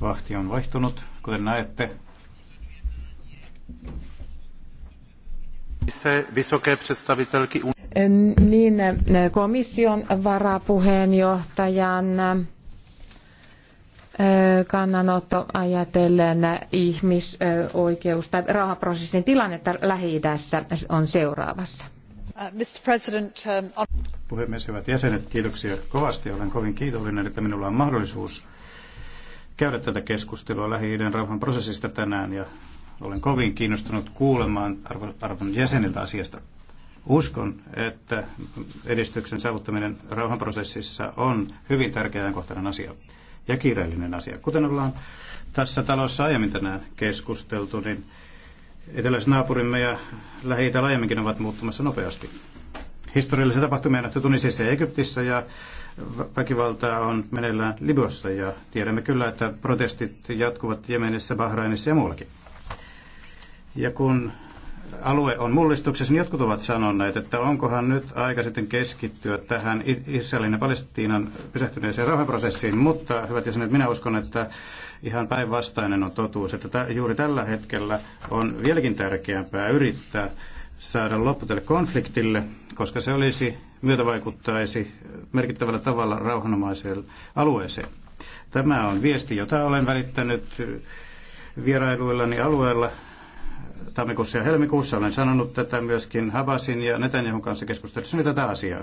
Vahti on vaihtunut, kuten näette. Se Niin, komission varapuheenjohtajan e, kannanotto ajatellen ihmisoikeus- tai rahaprosessin tilannetta lähi on seuraavassa. Uh, Mr. President, um, on puhemies, hyvät jäsenet, kiitoksia kovasti. Olen kovin kiitollinen, että minulla on mahdollisuus käydä tätä keskustelua Lähi-idän rauhan prosessista tänään ja olen kovin kiinnostunut kuulemaan arvon jäseniltä asiasta. Uskon, että edistyksen saavuttaminen rauhanprosessissa on hyvin tärkeä ajankohtainen asia ja kiireellinen asia. Kuten ollaan tässä talossa aiemmin tänään keskusteltu, niin eteläisnaapurimme ja lähi laajemminkin ovat muuttumassa nopeasti historiallisia tapahtumia nähty Tunisissa ja Egyptissä ja väkivaltaa on meneillään Libyassa ja tiedämme kyllä, että protestit jatkuvat Jemenissä, Bahrainissa ja muuallakin. Ja kun alue on mullistuksessa, niin jotkut ovat sanoneet, että onkohan nyt aika sitten keskittyä tähän Israelin ja Palestiinan pysähtyneeseen rauhanprosessiin, mutta hyvät jäsenet, minä uskon, että ihan päinvastainen on totuus, että juuri tällä hetkellä on vieläkin tärkeämpää yrittää saada loppu tälle konfliktille, koska se olisi myötävaikuttaisi merkittävällä tavalla rauhanomaiseen alueeseen. Tämä on viesti, jota olen välittänyt vierailuillani alueella tammikuussa ja helmikuussa. Olen sanonut tätä myöskin Habasin ja Netanyahun kanssa keskustelussa tätä asiaa.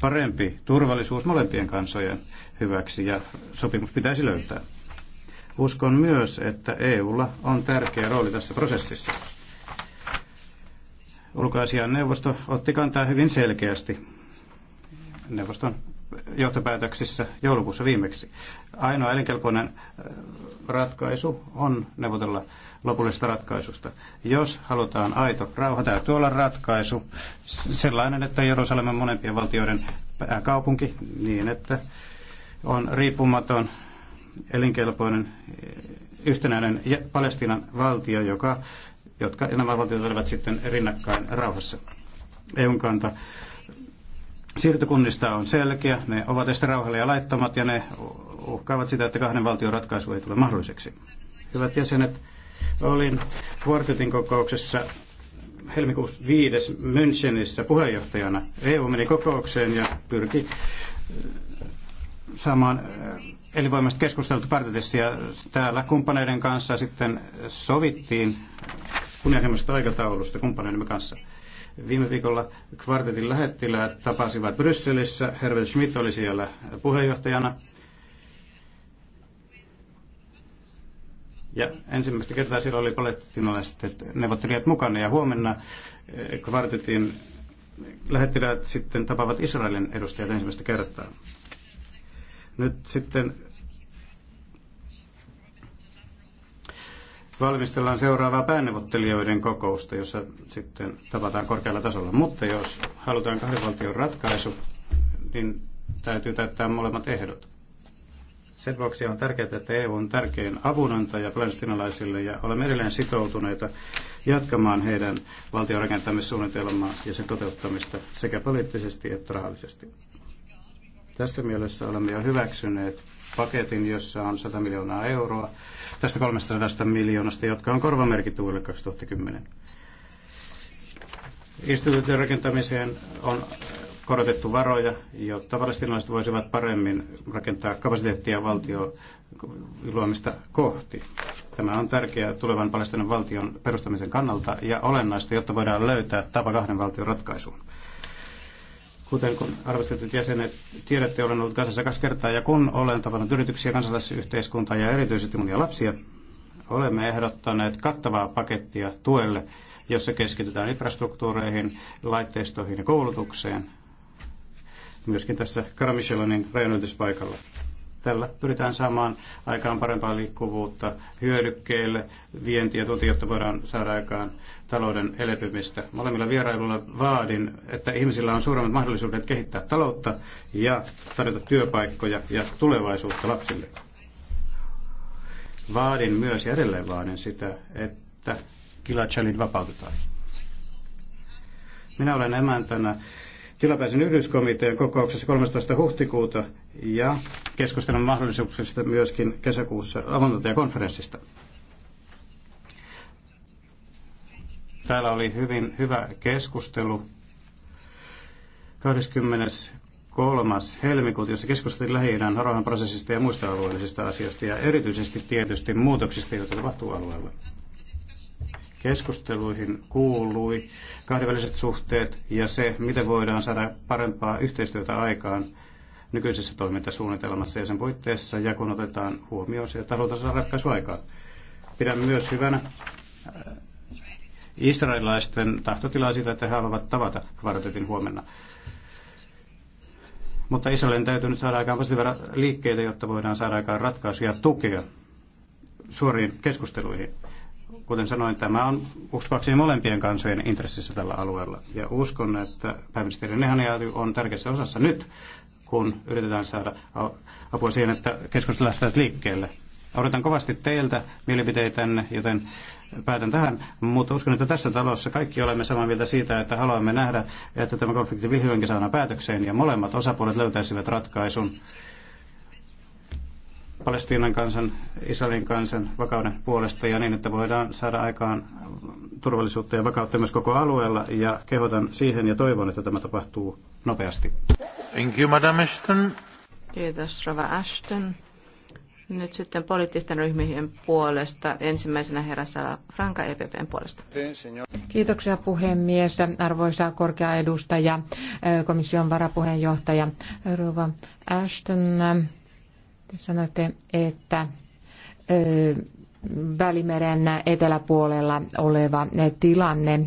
Parempi turvallisuus molempien kansojen hyväksi ja sopimus pitäisi löytää. Uskon myös, että EUlla on tärkeä rooli tässä prosessissa. Ulkoasian neuvosto otti kantaa hyvin selkeästi neuvoston johtopäätöksissä joulukuussa viimeksi. Ainoa elinkelpoinen äh, ratkaisu on neuvotella lopullisesta ratkaisusta. Jos halutaan aito rauha, täytyy olla ratkaisu sellainen, että Jerusalem on molempien valtioiden pääkaupunki niin, että on riippumaton, elinkelpoinen, äh, yhtenäinen Palestiinan valtio, joka jotka nämä valtiot olivat sitten rinnakkain rauhassa. EUn kanta siirtokunnista on selkeä, ne ovat este rauhalle ja laittomat ja ne uhkaavat sitä, että kahden valtion ratkaisu ei tule mahdolliseksi. Hyvät jäsenet, olin Quartetin kokouksessa helmikuussa 5. Münchenissä puheenjohtajana. EU meni kokoukseen ja pyrki äh, saamaan äh, elinvoimasta keskusteltu partitestiä täällä kumppaneiden kanssa sitten sovittiin kunnianhimoisesta aikataulusta kumppaneidemme kanssa. Viime viikolla kvartetin lähettiläät tapasivat Brysselissä. Herbert Schmidt oli siellä puheenjohtajana. Ja ensimmäistä kertaa siellä oli palestinalaiset neuvottelijat mukana ja huomenna eh, kvartetin lähettiläät sitten tapaavat Israelin edustajat ensimmäistä kertaa. Nyt sitten valmistellaan seuraavaa pääneuvottelijoiden kokousta, jossa sitten tavataan korkealla tasolla. Mutta jos halutaan kahden valtion ratkaisu, niin täytyy täyttää molemmat ehdot. Sen vuoksi on tärkeää, että EU on tärkein avunantaja palestinalaisille ja olemme edelleen sitoutuneita jatkamaan heidän valtion rakentamissuunnitelmaa ja sen toteuttamista sekä poliittisesti että rahallisesti. Tässä mielessä olemme jo hyväksyneet paketin, jossa on 100 miljoonaa euroa tästä 300 miljoonasta, jotka on korvamerkitty vuodelle 2010. Instituution rakentamiseen on korotettu varoja, jotta palestinalaiset voisivat paremmin rakentaa kapasiteettia valtio luomista kohti. Tämä on tärkeää tulevan Palestinan valtion perustamisen kannalta ja olennaista, jotta voidaan löytää tapa kahden valtion ratkaisuun. Kuten kun arvostetut jäsenet tiedätte, olen ollut kansassa kaksi kertaa ja kun olen tavannut yrityksiä, kansalaisyhteiskuntaa ja erityisesti monia lapsia, olemme ehdottaneet kattavaa pakettia tuelle, jossa keskitytään infrastruktuureihin, laitteistoihin ja koulutukseen, myöskin tässä Karamichelanin rajanylityspaikalla. Tällä pyritään saamaan aikaan parempaa liikkuvuutta hyödykkeille, vientiä ja tuti, jotta voidaan saada aikaan talouden elpymistä. Molemmilla vierailulla vaadin, että ihmisillä on suuremmat mahdollisuudet kehittää taloutta ja tarjota työpaikkoja ja tulevaisuutta lapsille. Vaadin myös ja edelleen vaadin sitä, että Gilad vapautetaan. Minä olen emäntänä tilapäisen yhdyskomitean kokouksessa 13. huhtikuuta ja keskustelun mahdollisuuksista myöskin kesäkuussa avunantajakonferenssista. Täällä oli hyvin hyvä keskustelu 23. helmikuuta, jossa keskusteltiin lähi rauhanprosessista ja muista alueellisista asioista ja erityisesti tietysti muutoksista, joita tapahtuu alueella keskusteluihin kuului kahdenväliset suhteet ja se, miten voidaan saada parempaa yhteistyötä aikaan nykyisessä toimintasuunnitelmassa ja sen puitteissa, ja kun otetaan huomioon se, että halutaan saada ratkaisu aikaan. Pidän myös hyvänä äh, israelilaisten tahtotilaa siitä, että he haluavat tavata kvartetin huomenna. Mutta Israelin täytyy nyt saada aikaan positiivisia liikkeitä, jotta voidaan saada aikaan ratkaisuja tukea suoriin keskusteluihin. Kuten sanoin, tämä on uskoakseni molempien kansojen intressissä tällä alueella. Ja uskon, että pääministeri Nehanjaty on tärkeässä osassa nyt, kun yritetään saada apua siihen, että keskustelu lähtee liikkeelle. Odotan kovasti teiltä mielipiteitänne, joten päätän tähän, mutta uskon, että tässä talossa kaikki olemme samaa mieltä siitä, että haluamme nähdä, että tämä konflikti vihdoinkin saadaan päätökseen ja molemmat osapuolet löytäisivät ratkaisun Palestiinan kansan, Israelin kansan vakauden puolesta ja niin, että voidaan saada aikaan turvallisuutta ja vakautta myös koko alueella ja kehotan siihen ja toivon, että tämä tapahtuu nopeasti. Thank you, Madam Ashton. Kiitos, Rova Ashton. Nyt sitten poliittisten ryhmien puolesta. Ensimmäisenä herässä Franka EPPn puolesta. Kiitoksia puhemies, arvoisa korkea edustaja, komission varapuheenjohtaja Rova Ashton te sanoitte, että Välimeren eteläpuolella oleva tilanne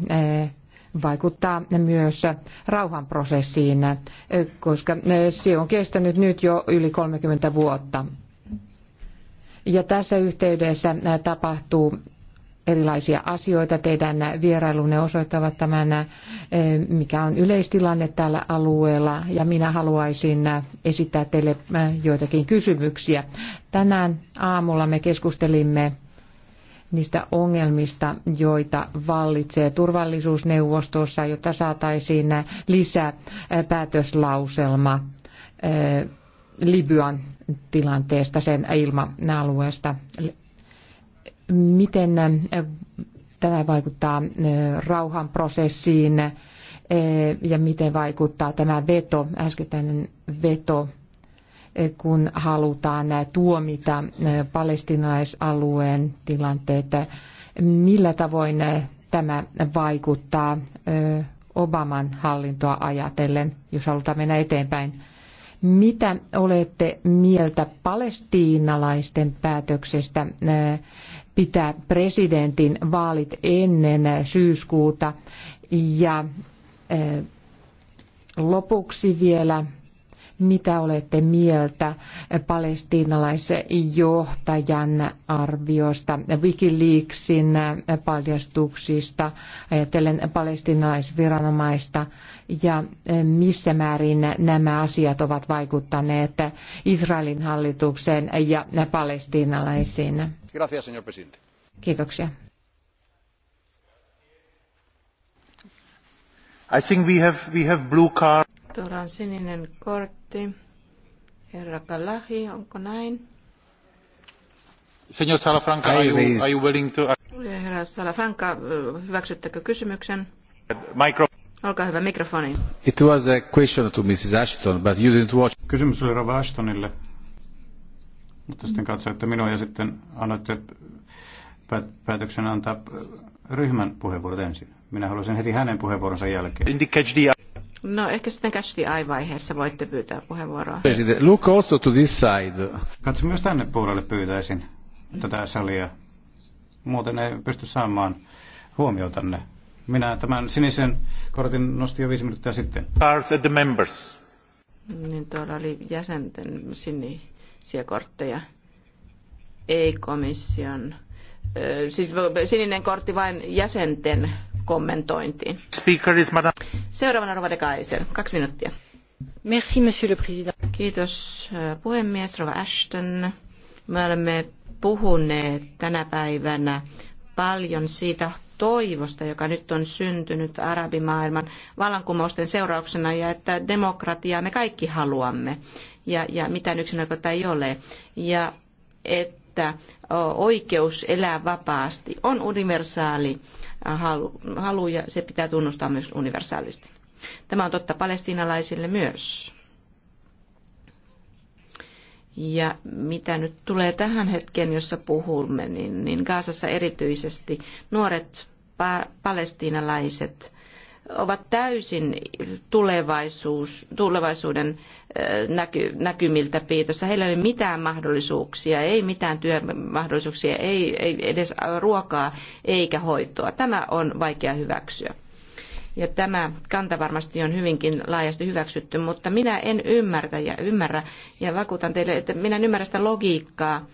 vaikuttaa myös rauhanprosessiin, koska se on kestänyt nyt jo yli 30 vuotta. Ja tässä yhteydessä tapahtuu erilaisia asioita. Teidän vierailunne osoittavat tämän, eh, mikä on yleistilanne tällä alueella, ja minä haluaisin eh, esittää teille eh, joitakin kysymyksiä. Tänään aamulla me keskustelimme niistä ongelmista, joita vallitsee turvallisuusneuvostossa, jotta saataisiin lisäpäätöslauselma päätöslauselma Libyan tilanteesta, sen ilma-alueesta miten äh, tämä vaikuttaa äh, rauhan prosessiin äh, ja miten vaikuttaa tämä veto, äskettäinen veto, kun halutaan tuomita palestinaisalueen tilanteet. Millä tavoin tämä vaikuttaa Obaman hallintoa ajatellen, jos halutaan mennä eteenpäin? Mitä olette mieltä palestiinalaisten päätöksestä pitää presidentin vaalit ennen syyskuuta. Ja eh, lopuksi vielä mitä olette mieltä Palestiinalaisen johtajan arviosta, Wikileaksin paljastuksista, ajatellen palestiinalaisviranomaista ja missä määrin nämä asiat ovat vaikuttaneet Israelin hallitukseen ja palestiinalaisiin? Gracias, señor presidente. Kiitoksia. I think we have, we have blue card. Tuolla on sininen kortti. Herra Kalahi, onko näin? Señor Salafranca, are you, are you willing to... Herra Salafranca, hyväksyttekö kysymyksen? Micro... Olkaa hyvä, mikrofoni. It was a question to Mrs. Ashton, but you didn't watch... Kysymys oli Rava Ashtonille, mutta sitten katsoitte minua ja sitten annoitte päätöksen antaa ryhmän puheenvuorot ensin. Minä haluaisin heti hänen puheenvuoronsa jälkeen. No ehkä sitten Cash the Eye-vaiheessa voitte pyytää puheenvuoroa. Look also to this side. Katso myös tänne puolelle pyytäisin tätä salia. Muuten ei pysty saamaan huomiotanne. Minä tämän sinisen kortin nostin jo viisi minuuttia sitten. Stars at the members. Niin tuolla oli jäsenten sinisiä kortteja. Ei komission. Siis sininen kortti vain jäsenten kommentointiin. Speaker is madame. Seuraavana Rova de Kaiser, kaksi minuuttia. Merci, monsieur le président. Kiitos äh, puhemies Rova Ashton. Me olemme puhuneet tänä päivänä paljon siitä toivosta, joka nyt on syntynyt arabimaailman vallankumousten seurauksena ja että demokratiaa me kaikki haluamme ja, ja mitään yksinäköitä ei ole. Ja että oikeus elää vapaasti on universaali halu, halu ja se pitää tunnustaa myös universaalisti. Tämä on totta palestiinalaisille myös. Ja mitä nyt tulee tähän hetkeen, jossa puhumme, niin, niin Gaasassa erityisesti nuoret pa- palestiinalaiset ovat täysin tulevaisuus, tulevaisuuden näky, näkymiltä piitossa. Heillä ei ole mitään mahdollisuuksia, ei mitään työmahdollisuuksia, ei, ei edes ruokaa eikä hoitoa. Tämä on vaikea hyväksyä. Ja tämä kanta varmasti on hyvinkin laajasti hyväksytty, mutta minä en ymmärrä ja ymmärrä ja vakuutan teille, että minä en ymmärrä sitä logiikkaa,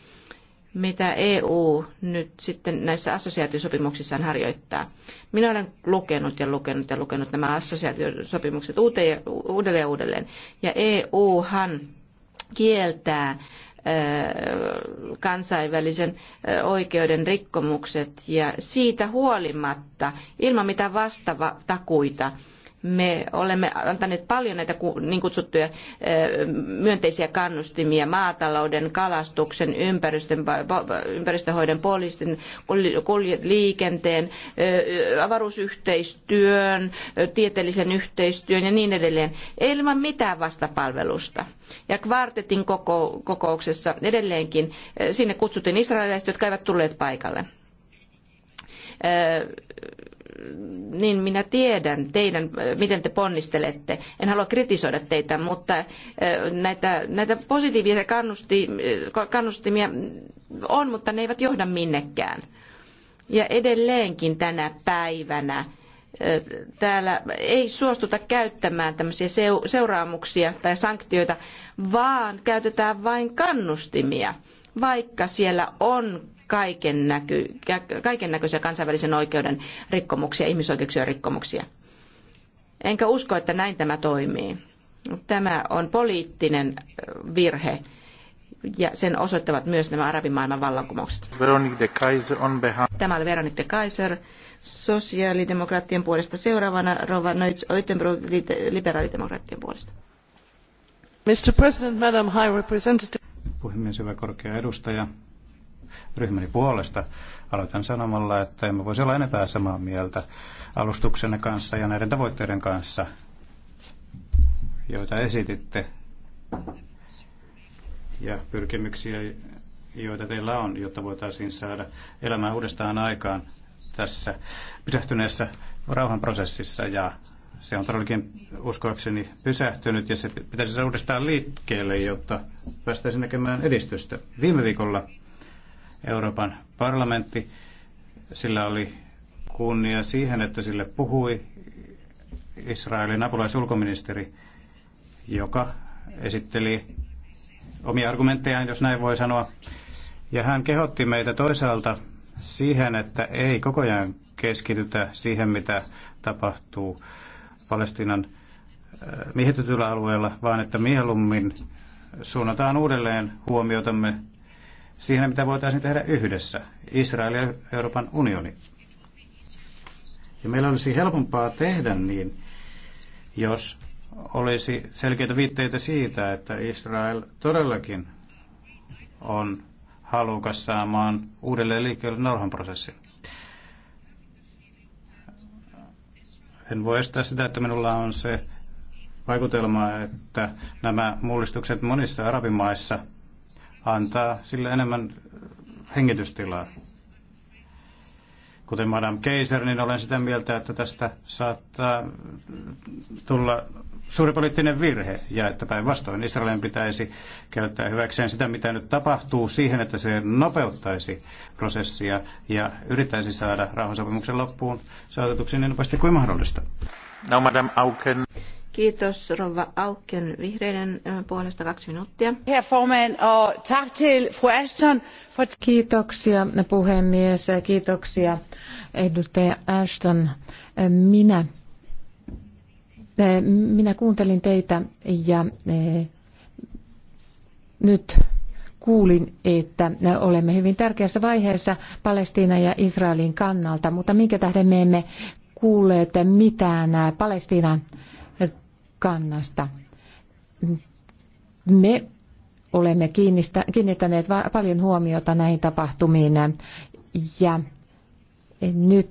mitä EU nyt sitten näissä assosiaatiosopimuksissaan harjoittaa. Minä olen lukenut ja lukenut ja lukenut nämä assosiaatiosopimukset uudelleen ja uudelleen. Ja EUhan kieltää kansainvälisen oikeuden rikkomukset ja siitä huolimatta ilman mitään vastaavaa takuita me olemme antaneet paljon näitä niin kutsuttuja myönteisiä kannustimia maatalouden, kalastuksen, ympäristön, ympäristöhoidon, poliisin, liikenteen, avaruusyhteistyön, tieteellisen yhteistyön ja niin edelleen, ilman mitään vastapalvelusta. Ja kvartetin kokouksessa edelleenkin sinne kutsuttiin israelilaiset, jotka eivät tulleet paikalle niin minä tiedän teidän, miten te ponnistelette. En halua kritisoida teitä, mutta eh, näitä, näitä positiivisia eh, kannustimia on, mutta ne eivät johda minnekään. Ja edelleenkin tänä päivänä eh, täällä ei suostuta käyttämään tämmöisiä seuraamuksia tai sanktioita, vaan käytetään vain kannustimia, vaikka siellä on kaiken, näky, kaiken näköisiä kansainvälisen oikeuden rikkomuksia, ihmisoikeuksien rikkomuksia. Enkä usko, että näin tämä toimii. Tämä on poliittinen virhe ja sen osoittavat myös nämä arabimaailman vallankumoukset. Tämä oli Veronique de Kaiser sosiaalidemokraattien puolesta seuraavana, Rova Neutz Oitenbrug liberaalidemokraattien puolesta. Mr. President, Madam High Representative. Puhemies, hyvä korkea edustaja ryhmäni puolesta. Aloitan sanomalla, että emme voisi olla enempää samaa mieltä alustuksenne kanssa ja näiden tavoitteiden kanssa, joita esititte ja pyrkimyksiä, joita teillä on, jotta voitaisiin saada elämää uudestaan aikaan tässä pysähtyneessä rauhanprosessissa ja se on todellakin uskoakseni pysähtynyt ja se pitäisi saada uudestaan liikkeelle, jotta päästäisiin näkemään edistystä. Viime viikolla Euroopan parlamentti. Sillä oli kunnia siihen, että sille puhui Israelin apulaisulkoministeri, joka esitteli omia argumenttejaan, jos näin voi sanoa. Ja hän kehotti meitä toisaalta siihen, että ei koko ajan keskitytä siihen, mitä tapahtuu Palestinan äh, miehitetyllä alueella, vaan että mieluummin suunnataan uudelleen huomiotamme siihen, mitä voitaisiin tehdä yhdessä, Israel ja Euroopan unioni. Ja meillä olisi helpompaa tehdä niin, jos olisi selkeitä viitteitä siitä, että Israel todellakin on halukas saamaan uudelleen liikkeelle nauhanprosessin. En voi estää sitä, että minulla on se vaikutelma, että nämä mullistukset monissa arabimaissa – antaa sille enemmän hengitystilaa. Kuten Madame Keiser, niin olen sitä mieltä, että tästä saattaa tulla suuri poliittinen virhe ja että päinvastoin Israelin pitäisi käyttää hyväkseen sitä, mitä nyt tapahtuu siihen, että se nopeuttaisi prosessia ja yrittäisi saada rauhansopimuksen loppuun saatetuksi niin nopeasti kuin mahdollista. No, Madame Auken. Kiitos Rova Aukken vihreiden puolesta kaksi minuuttia. fru Ashton. Kiitoksia puhemies, kiitoksia edustaja Ashton. Minä, minä kuuntelin teitä ja e, nyt kuulin, että olemme hyvin tärkeässä vaiheessa Palestiinan ja Israelin kannalta, mutta minkä tähden me emme kuulleet mitään Palestiinan kannasta. Me olemme kiinnittäneet paljon huomiota näihin tapahtumiin ja nyt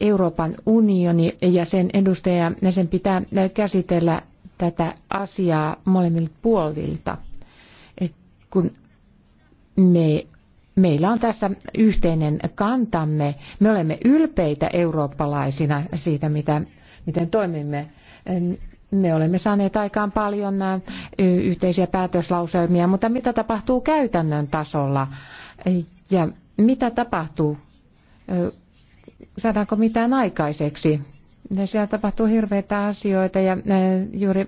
Euroopan unioni ja sen edustaja, ja sen pitää käsitellä tätä asiaa molemmilta puolilta. Et kun me, meillä on tässä yhteinen kantamme, me olemme ylpeitä eurooppalaisina siitä, mitä, miten toimimme me olemme saaneet aikaan paljon yhteisiä päätöslauselmia, mutta mitä tapahtuu käytännön tasolla ja mitä tapahtuu? Saadaanko mitään aikaiseksi? Siellä tapahtuu hirveitä asioita ja juuri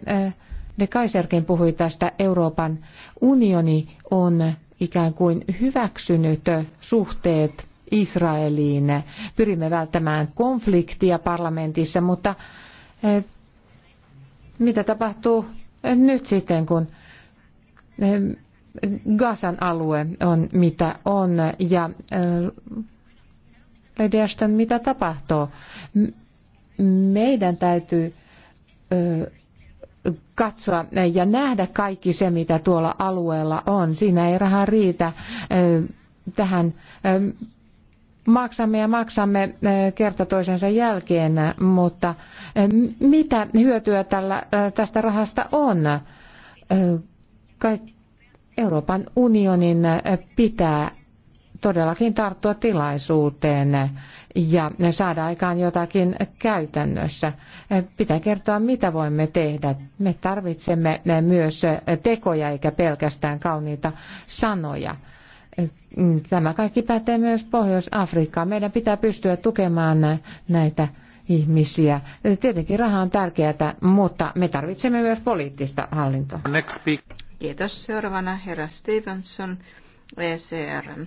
De Kaiserkin puhui tästä Euroopan unioni on ikään kuin hyväksynyt suhteet Israeliin. Pyrimme välttämään konfliktia parlamentissa, mutta mitä tapahtuu nyt sitten, kun ehm, Gazan alue on mitä on ja ehm, Lady Ashton, mitä tapahtuu? Meidän täytyy ehm, katsoa ja nähdä kaikki se, mitä tuolla alueella on. Siinä ei rahaa riitä tähän maksamme ja maksamme eh, kerta toisensa jälkeen, mutta eh, mitä hyötyä tällä, eh, tästä rahasta on? Euroopan unionin pitää todellakin tarttua tilaisuuteen ja saada aikaan jotakin käytännössä. Pitää kertoa, mitä voimme tehdä. Me tarvitsemme myös tekoja eikä pelkästään kauniita sanoja Mm, tämä kaikki pätee myös Pohjois-Afrikkaan. Meidän pitää pystyä tukemaan näitä ihmisiä. Tietenkin raha on tärkeää, mutta me tarvitsemme myös poliittista hallintoa. Kiitos. Seuraavana herra Stevenson. ECRn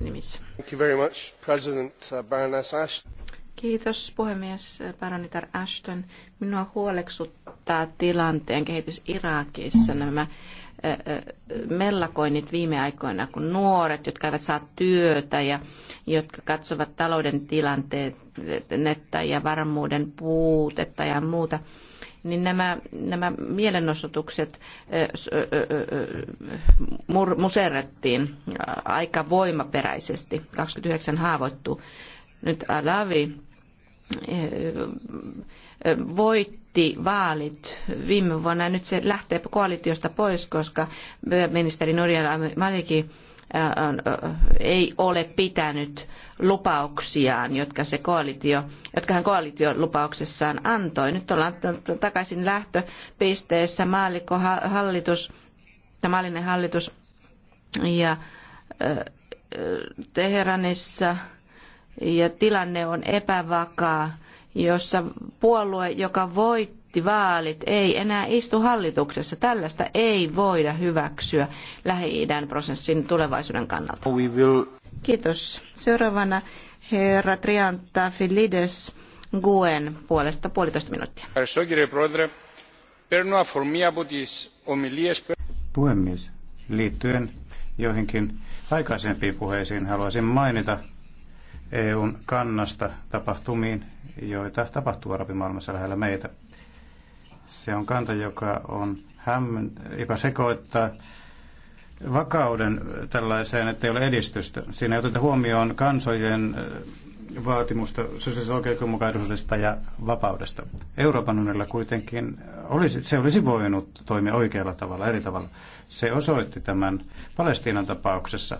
nimissä. Thank you very much, President uh, Baroness Ashton. Kiitos puhemies uh, Baronitar Ashton. Minua huoleksuttaa tilanteen kehitys Irakissa nämä mellakoinnit viime aikoina, kun nuoret, jotka eivät saa työtä ja jotka katsovat talouden tilannetta ja varmuuden puutetta ja muuta, niin nämä, nämä mielenosoitukset muserrettiin aika voimaperäisesti. 29 haavoittuu. Nyt Alavi voitti vaalit viime vuonna ja nyt se lähtee koalitiosta pois, koska ministeri Nurjala Maliki äh, äh, ei ole pitänyt lupauksiaan, jotka, se koalitio, jotka hän koalitiolupauksessaan antoi. Nyt ollaan takaisin lähtöpisteessä maalikohallitus, maallinen hallitus ja äh, Teheranissa ja tilanne on epävakaa jossa puolue, joka voitti vaalit, ei enää istu hallituksessa. Tällaista ei voida hyväksyä Lähi-idän prosessin tulevaisuuden kannalta. Kiitos. Seuraavana herra Trianta Filides Guen puolesta puolitoista minuuttia. Puhemies, liittyen joihinkin aikaisempiin puheisiin haluaisin mainita EUn kannasta tapahtumiin, joita tapahtuu arabimaailmassa lähellä meitä. Se on kanta, joka, on hämmen, joka sekoittaa vakauden tällaiseen, että ei ole edistystä. Siinä ei oteta huomioon kansojen äh, vaatimusta sosiaalisen oikeudenmukaisuudesta ja vapaudesta. Euroopan unionilla kuitenkin olisi, se olisi voinut toimia oikealla tavalla, eri tavalla. Se osoitti tämän Palestiinan tapauksessa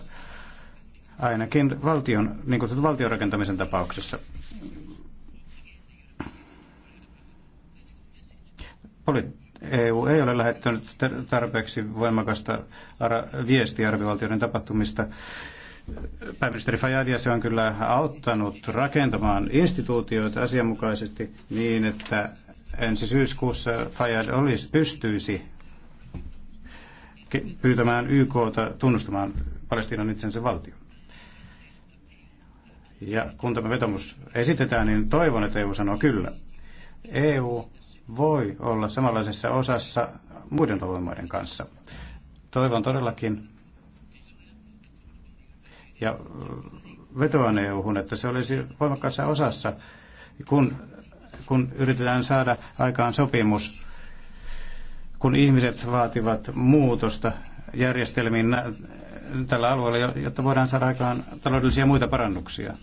ainakin valtion, niin kuin valtion rakentamisen tapauksessa. Poli- EU ei ole lähettänyt tarpeeksi voimakasta viestiä arvivaltioiden tapahtumista. Pääministeri Fajadia se on kyllä auttanut rakentamaan instituutioita asianmukaisesti niin, että ensi syyskuussa Fajad olisi, pystyisi pyytämään YKta tunnustamaan Palestiinan itsensä valtion. Ja kun tämä vetomus esitetään, niin toivon, että EU sanoo kyllä. EU voi olla samanlaisessa osassa muiden avoimuuden kanssa. Toivon todellakin ja vetoan EU-hun, että se olisi voimakkaassa osassa, kun, kun yritetään saada aikaan sopimus, kun ihmiset vaativat muutosta järjestelmiin tällä alueella, jotta voidaan saada aikaan taloudellisia muita parannuksia.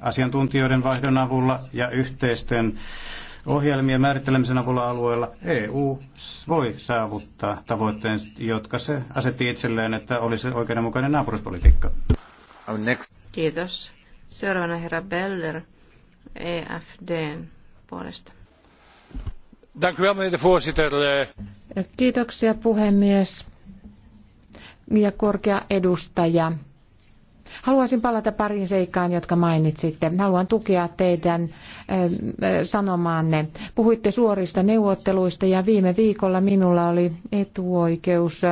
Asiantuntijoiden vaihdon avulla ja yhteisten ohjelmien määrittelemisen avulla alueella EU voi saavuttaa tavoitteen, jotka se asetti itselleen, että olisi oikeudenmukainen naapuruspolitiikka. Kiitos. Seuraavana herra Beller, EFDn puolesta. Kiitoksia puhemies ja korkea edustaja. Haluaisin palata pariin seikkaan, jotka mainitsitte. Haluan tukea teidän ähm, äh, sanomaanne. Puhuitte suorista neuvotteluista ja viime viikolla minulla oli etuoikeus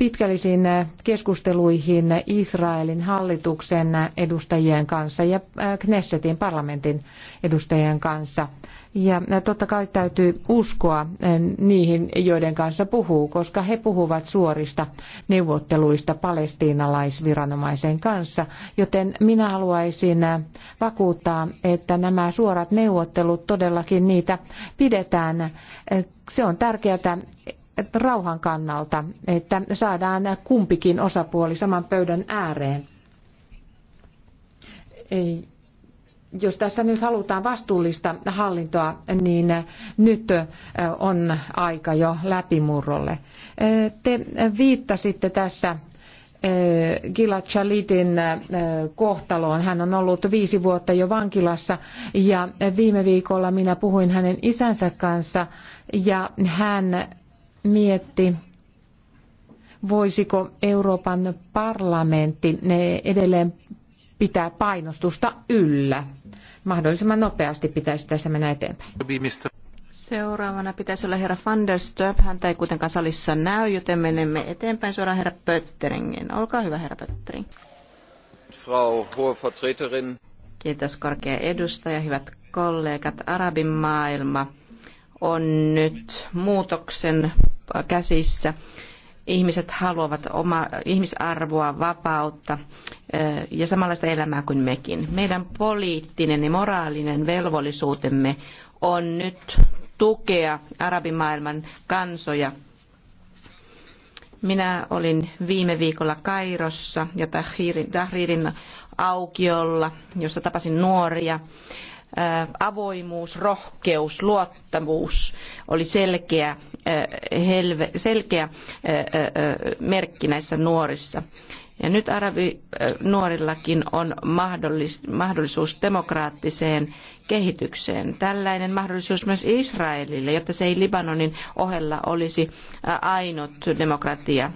pitkällisiin eh, keskusteluihin Israelin hallituksen eh, edustajien kanssa ja eh, Knessetin parlamentin edustajien kanssa. Ja totta kai täytyy uskoa niihin, joiden kanssa puhuu, koska he puhuvat suorista neuvotteluista palestiinalaisviranomaisen kanssa. Joten minä haluaisin vakuuttaa, että nämä suorat neuvottelut todellakin niitä pidetään. Se on tärkeää rauhan kannalta, että saadaan kumpikin osapuoli saman pöydän ääreen. Ei. Jos tässä nyt halutaan vastuullista hallintoa, niin nyt on aika jo läpimurrolle. Te viittasitte tässä Gilad Chalitin kohtaloon. Hän on ollut viisi vuotta jo vankilassa ja viime viikolla minä puhuin hänen isänsä kanssa ja hän mietti, voisiko Euroopan parlamentti edelleen pitää painostusta yllä. Mahdollisimman nopeasti pitäisi tässä mennä eteenpäin. Seuraavana pitäisi olla herra van der Stöp. Häntä ei kuitenkaan salissa näy, joten menemme eteenpäin suoraan herra Pötteringin. Olkaa hyvä, herra Pöttering. Frau hohe Vertreterin. Kiitos korkea edustaja, hyvät kollegat. Arabin maailma on nyt muutoksen käsissä. Ihmiset haluavat oma, ihmisarvoa, vapautta eh, ja samanlaista elämää kuin mekin. Meidän poliittinen ja moraalinen velvollisuutemme on nyt tukea arabimaailman kansoja. Minä olin viime viikolla Kairossa ja Tahririn aukiolla, jossa tapasin nuoria avoimuus, rohkeus, luottamus oli selkeä, helve, selkeä merkki näissä nuorissa. Ja nyt arabinuorillakin on mahdollisuus demokraattiseen kehitykseen. Tällainen mahdollisuus myös Israelille, jotta se ei Libanonin ohella olisi ainut demokratia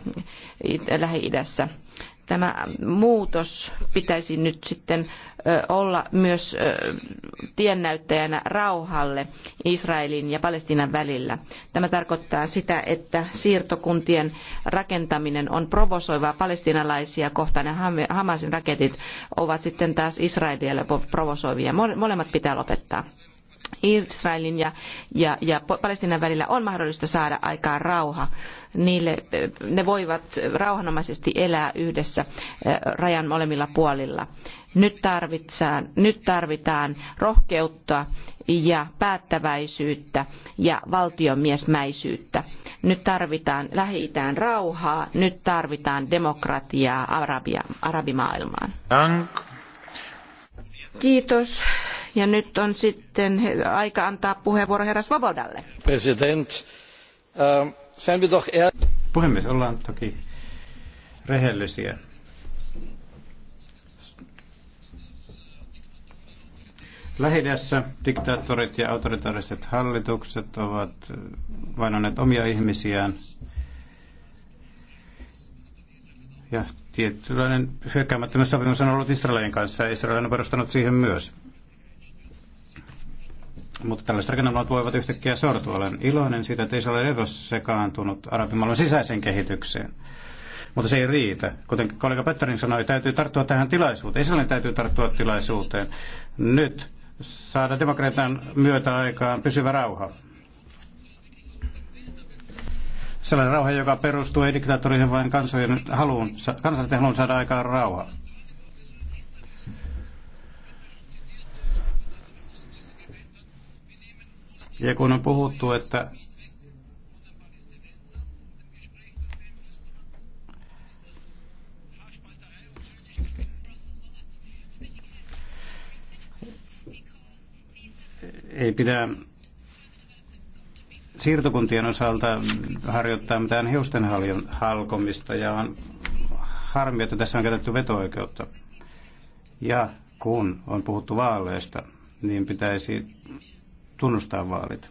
Lähi-idässä tämä muutos pitäisi nyt sitten olla myös tiennäyttäjänä rauhalle Israelin ja Palestiinan välillä. Tämä tarkoittaa sitä, että siirtokuntien rakentaminen on provosoivaa palestiinalaisia kohtaan ja Hamasin raketit ovat sitten taas Israelille provosoivia. Molemmat pitää lopettaa. Israelin ja, ja, ja Palestinan välillä on mahdollista saada aikaan rauha. Niille, ne voivat rauhanomaisesti elää yhdessä eh, rajan molemmilla puolilla. Nyt tarvitaan, nyt tarvitaan rohkeutta ja päättäväisyyttä ja valtionmiesmäisyyttä. Nyt tarvitaan lähi rauhaa, nyt tarvitaan demokratiaa Arabia, arabimaailmaan. Kiitos. Ja nyt on sitten aika antaa puheenvuoro herra Svobodalle. President, ähm, sen Puhemies, ollaan toki rehellisiä. Lähidässä diktaattorit ja autoritaariset hallitukset ovat äh, vainonneet omia ihmisiään. Ja tietynlainen hyökkäämättömyys sopimus on ollut Israelin kanssa ja Israel on perustanut siihen myös. Mutta tällaiset rakennelmat voivat yhtäkkiä sortua. Olen iloinen siitä, että Israel ei ole sekaantunut arabimallon sisäiseen kehitykseen. Mutta se ei riitä. Kuten kollega Petterin sanoi, täytyy tarttua tähän tilaisuuteen. Israelin täytyy tarttua tilaisuuteen. Nyt saada demokratian myötä aikaan pysyvä rauha. Sellainen rauha, joka perustuu ei diktaattoriin, vaan kansojen haluun, kansallisten haluun saada aikaan rauha. Ja kun on puhuttu, että ei pidä siirtokuntien osalta harjoittaa mitään hiusten halkomista ja on harmi, että tässä on käytetty veto-oikeutta. Ja kun on puhuttu vaaleista, niin pitäisi tunnustaa vaalit.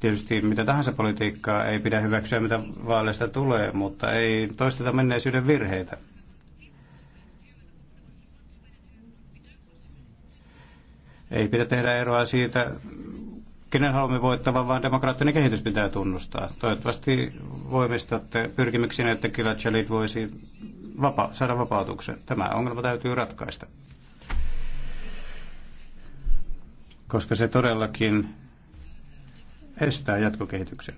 Tietysti mitä tahansa politiikkaa ei pidä hyväksyä, mitä vaaleista tulee, mutta ei toisteta menneisyyden virheitä. Ei pidä tehdä eroa siitä, kenen haluamme voittavan, vaan demokraattinen kehitys pitää tunnustaa. Toivottavasti voimistatte pyrkimyksiä, että kyllä Chalit voisi vapa- saada vapautuksen. Tämä ongelma täytyy ratkaista. Koska se todellakin estää jatkokehityksen.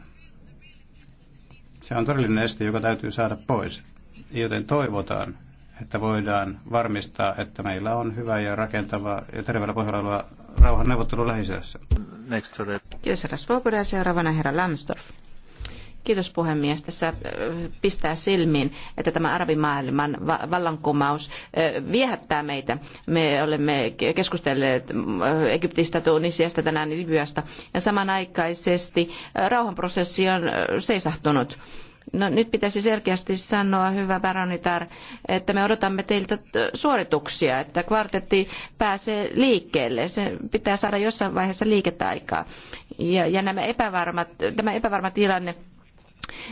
Se on todellinen este, joka täytyy saada pois. Joten toivotaan, että voidaan varmistaa, että meillä on hyvä ja rakentava ja terveellä pohjalla rauhanneuvottelu lähisössä. Next Kiitos herra Svoboda ja seuraavana herra Lambsdorff. Kiitos puhemies. Tässä pistää silmiin, että tämä arabimaailman vallankumous viehättää meitä. Me olemme keskustelleet Egyptistä, Tunisiasta, tänään Libyasta ja samanaikaisesti rauhanprosessi on seisahtunut No, nyt pitäisi selkeästi sanoa, hyvä baronitar, että me odotamme teiltä suorituksia, että kvartetti pääsee liikkeelle. Se pitää saada jossain vaiheessa liikettä aikaa. Ja, ja nämä epävarmat, tämä epävarma tilanne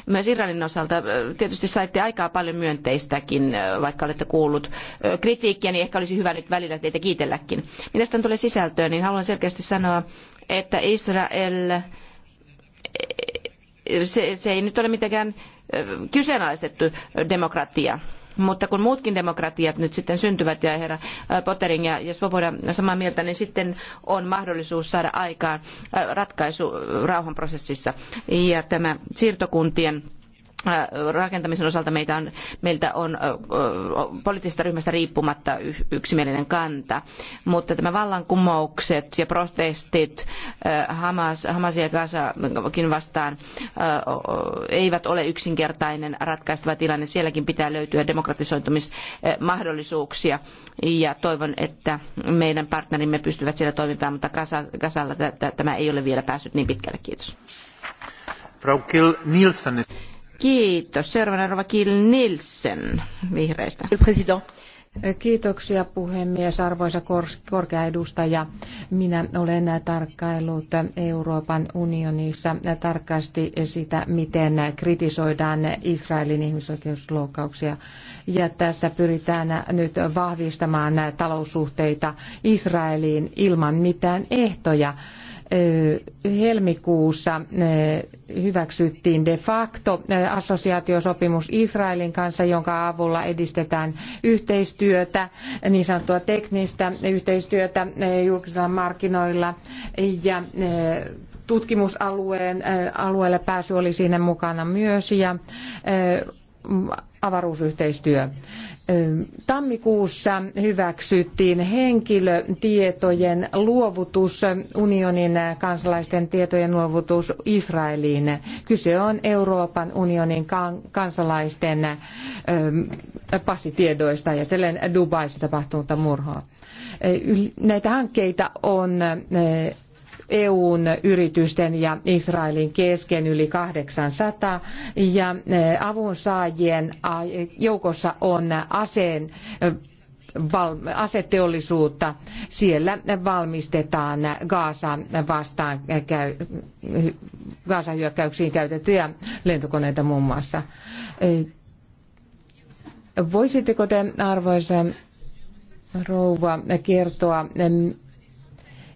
myös Iranin osalta tietysti saitte aikaa paljon myönteistäkin, vaikka olette kuullut kritiikkiä, niin ehkä olisi hyvä nyt välillä teitä kiitelläkin. Mitä sitten tulee sisältöön, niin haluan selkeästi sanoa, että Israel se, se ei nyt ole mitenkään kyseenalaistettu demokratia. Mutta kun muutkin demokratiat nyt sitten syntyvät ja herra Pottering ja, ja Svoboda samaa mieltä, niin sitten on mahdollisuus saada aikaan ratkaisu rauhanprosessissa. Ja tämä siirtokuntien Äh, rakentamisen osalta meitä on, meiltä on poliittisesta ryhmästä riippumatta yksimielinen kanta. Mutta tämä vallankumoukset ja protestit Hamas, Hamasia ja Gazakin vastaan eivät ole yksinkertainen ratkaistava tilanne. Sielläkin pitää löytyä demokratisoitumismahdollisuuksia ja toivon, että meidän partnerimme pystyvät siellä toimimaan, mutta Gazalla tämä ei ole vielä päässyt niin pitkälle. Kiitos. Frau Kill Nielsen. Kiitos. Seuraavana Rova Kiel Nielsen vihreistä. Kiitoksia puhemies, arvoisa korkea edustaja. Minä olen tarkkaillut Euroopan unionissa tarkasti sitä, miten kritisoidaan Israelin ihmisoikeusloukkauksia. Ja tässä pyritään nyt vahvistamaan taloussuhteita Israeliin ilman mitään ehtoja helmikuussa hyväksyttiin de facto assosiaatiosopimus Israelin kanssa, jonka avulla edistetään yhteistyötä, niin sanottua teknistä yhteistyötä julkisilla markkinoilla ja tutkimusalueen alueelle pääsy oli siinä mukana myös ja avaruusyhteistyö. Tammikuussa hyväksyttiin henkilötietojen luovutus, unionin kansalaisten tietojen luovutus Israeliin. Kyse on Euroopan unionin kansalaisten passitiedoista ja Dubaissa tapahtunutta murhaa. Näitä hankkeita on EUn yritysten ja Israelin kesken yli 800 ja eh, avunsaajien eh, joukossa on aseen eh, aseteollisuutta. Siellä valmistetaan Gaasan vastaan käy, Gaasan hyökkäyksiin käytettyjä lentokoneita muun muassa. Voisitteko te, arvoisa rouva, kertoa,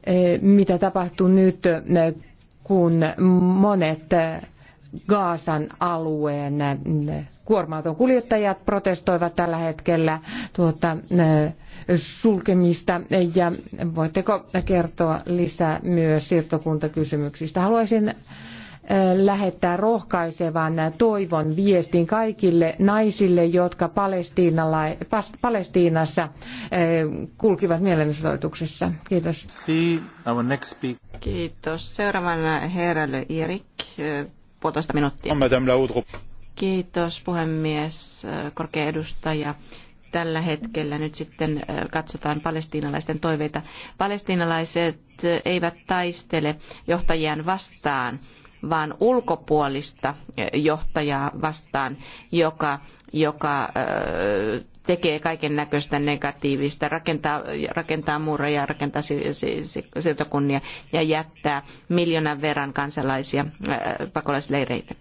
Eh, mitä tapahtuu nyt, eh, kun monet eh, Gaasan alueen kuorma-auton kuljettajat protestoivat tällä hetkellä tuota, sulkemista. Ja voitteko kertoa lisää myös siirtokuntakysymyksistä? Haluaisin lähettää rohkaisevan toivon viestin kaikille naisille, jotka Palestiinassa kulkivat mielenosoituksissa. Kiitos. Kiitos. Seuraavana herralle Erik, puolitoista minuuttia. Ah, Kiitos puhemies, korkea edustaja tällä hetkellä nyt sitten katsotaan palestiinalaisten toiveita. Palestiinalaiset eivät taistele johtajiaan vastaan vaan ulkopuolista eh, johtajaa vastaan, joka, joka tekee kaiken näköistä negatiivista, rakentaa, rakentaa muureja, rakentaa siltakunnia ja jättää miljoonan verran kansalaisia pakolaisleireitä.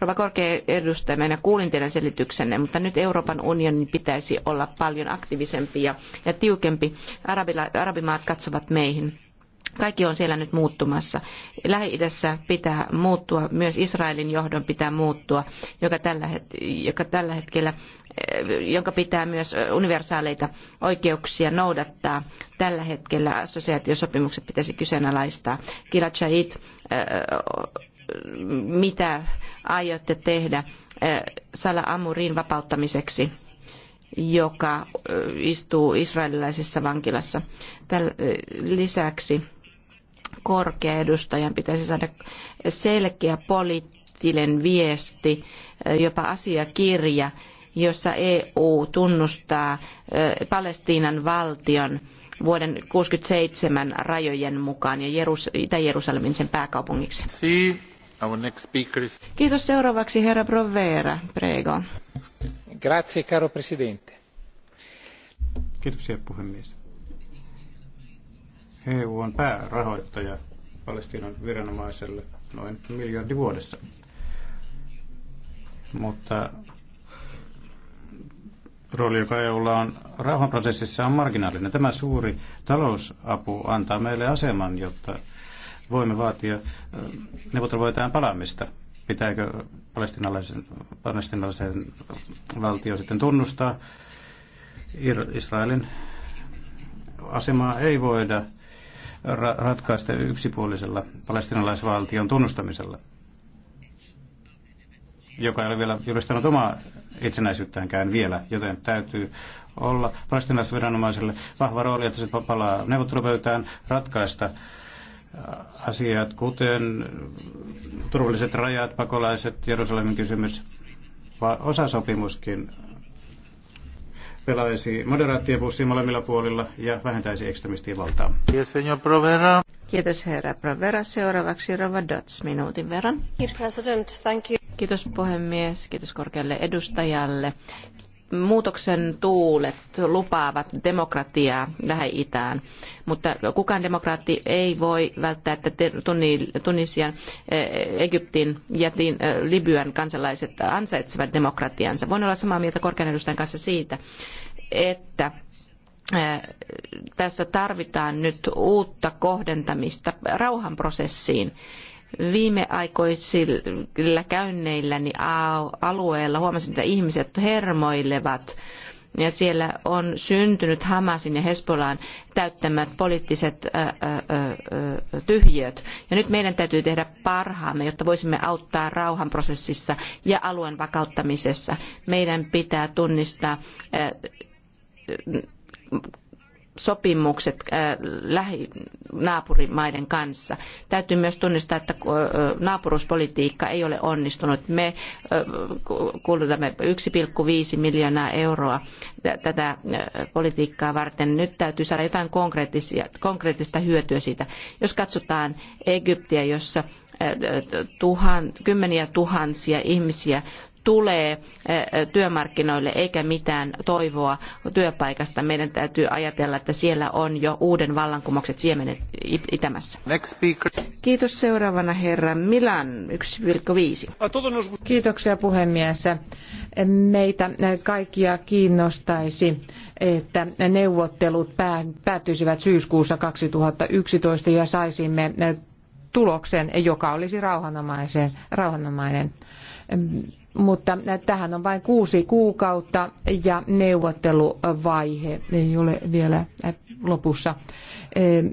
Rova korkea edustaja, minä kuulin teidän selityksenne, mutta nyt Euroopan unionin pitäisi olla paljon aktiivisempi ja, ja tiukempi. Arabila, arabimaat katsovat meihin kaikki on siellä nyt muuttumassa. Lähi-idässä pitää muuttua, myös Israelin johdon pitää muuttua, joka tällä, het- joka tällä hetkellä eh, jonka pitää myös universaaleita oikeuksia noudattaa. Tällä hetkellä assosiaatiosopimukset pitäisi kyseenalaistaa. Kilachait, eh, eh, mitä aiotte tehdä Sala Amurin vapauttamiseksi, joka istuu israelilaisessa vankilassa. Lisäksi korkea edustajan pitäisi saada selkeä poliittinen viesti, jopa asiakirja, jossa EU tunnustaa Palestiinan valtion vuoden 1967 rajojen mukaan ja Itä-Jerusalemin sen pääkaupungiksi. Kiitos seuraavaksi herra Provera, prego. Grazie caro presidente. Kiitoksia puhemies. EU on päärahoittaja Palestiinan viranomaiselle noin miljardi vuodessa. Mutta rooli, joka EUlla on rauhanprosessissa, on marginaalinen. Tämä suuri talousapu antaa meille aseman, jotta voimme vaatia neuvotteluvoitajan palaamista. Pitääkö palestinalaisen, palestinalaisen valtio sitten tunnustaa? Israelin asemaa ei voida ra- ratkaista yksipuolisella palestinalaisvaltion tunnustamisella, joka ei ole vielä julistanut omaa itsenäisyyttäänkään vielä, joten täytyy olla palestinaisviranomaisille vahva rooli, että se palaa neuvottelupöytään ratkaista äh, asiat, kuten turvalliset rajat, pakolaiset, Jerusalemin kysymys, osasopimuskin pelaisi moderaattien pussiin molemmilla puolilla ja vähentäisi ekstremistien valtaa. Kiitos herra Provera. Seuraavaksi Rova Dots minuutin verran. Kiitos puhemies, kiitos korkealle edustajalle muutoksen tuulet lupaavat demokratiaa Lähi-Itään, mutta kukaan demokraatti ei voi välttää, että Tunisian, eh, Egyptin ja eh, Libyan kansalaiset ansaitsevat demokratiansa. Voin olla samaa mieltä korkean edustajan kanssa siitä, että eh, tässä tarvitaan nyt uutta kohdentamista rauhanprosessiin viime käynneilläni niin alueella huomasin, että ihmiset hermoilevat ja siellä on syntynyt Hamasin ja Hezbollan täyttämät poliittiset tyhjiöt. Ja nyt meidän täytyy tehdä parhaamme, jotta voisimme auttaa rauhanprosessissa ja alueen vakauttamisessa. Meidän pitää tunnistaa sopimukset äh, lähinaapurimaiden kanssa. Täytyy myös tunnistaa, että äh, naapuruuspolitiikka ei ole onnistunut. Me äh, kulutamme 1,5 miljoonaa euroa tätä politiikkaa varten. Nyt täytyy saada jotain konkreettista hyötyä siitä. Jos katsotaan Egyptiä, jossa tuhan, kymmeniä tuhansia ihmisiä tulee eh, eh, työmarkkinoille eikä mitään toivoa työpaikasta. Meidän täytyy ajatella, että siellä on jo uuden vallankumoukset siemenet itämässä. Kiitos seuraavana herra Milan 1,5. Kiitoksia puhemies. Meitä kaikkia kiinnostaisi että neuvottelut päättyisivät syyskuussa 2011 ja saisimme tuloksen, joka olisi rauhanomainen. rauhanomainen mutta tähän on vain kuusi kuukautta ja neuvotteluvaihe ei ole vielä lopussa. Ehm,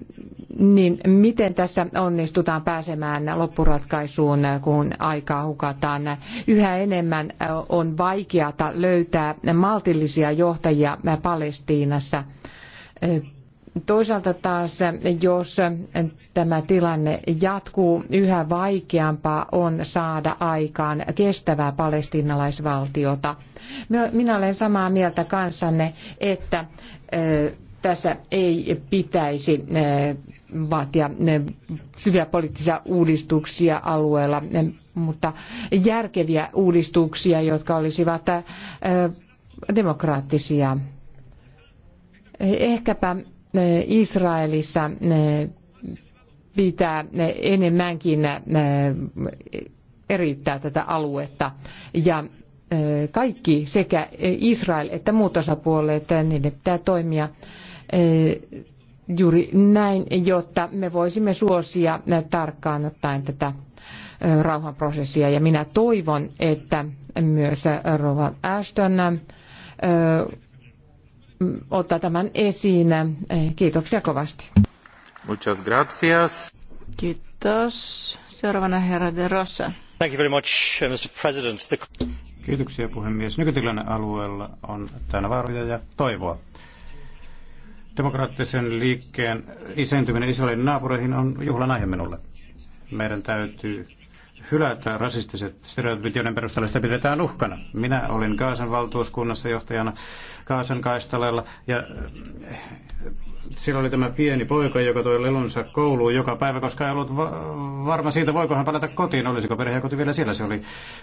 niin miten tässä onnistutaan pääsemään loppuratkaisuun, kun aikaa hukataan? Yhä enemmän on vaikeata löytää maltillisia johtajia Palestiinassa ehm, Toisaalta taas, jos tämä tilanne jatkuu, yhä vaikeampaa on saada aikaan kestävää palestiinalaisvaltiota. Minä olen samaa mieltä kanssanne, että tässä ei pitäisi vaatia syviä poliittisia uudistuksia alueella, mutta järkeviä uudistuksia, jotka olisivat demokraattisia. Ehkäpä Israelissa pitää enemmänkin eriyttää tätä aluetta. Ja kaikki sekä Israel että muut osapuolet, niille pitää toimia juuri näin, jotta me voisimme suosia tarkkaan ottaen tätä rauhanprosessia. Ja minä toivon, että myös Rova Ashton ottaa tämän esiin. Kiitoksia kovasti. Muchas gracias. Kiitos. Seuraavana herra De Rosa. Thank you very much, uh, Mr. President. The... Kiitoksia puhemies. Nykytilanne alueella on täynnä vaaroja ja toivoa. Demokraattisen liikkeen isentyminen Israelin naapureihin on juhlan aihe minulle. Meidän täytyy hylätä rasistiset stereotypit, joiden perusteella sitä pidetään uhkana. Minä olin Gaasan valtuuskunnassa johtajana Kaasan kaistaleella. Ja eh, siellä oli tämä pieni poika, joka toi lelunsa kouluun joka päivä, koska ei ollut va- varma siitä, voiko hän palata kotiin, olisiko perhe ja koti vielä siellä. Se oli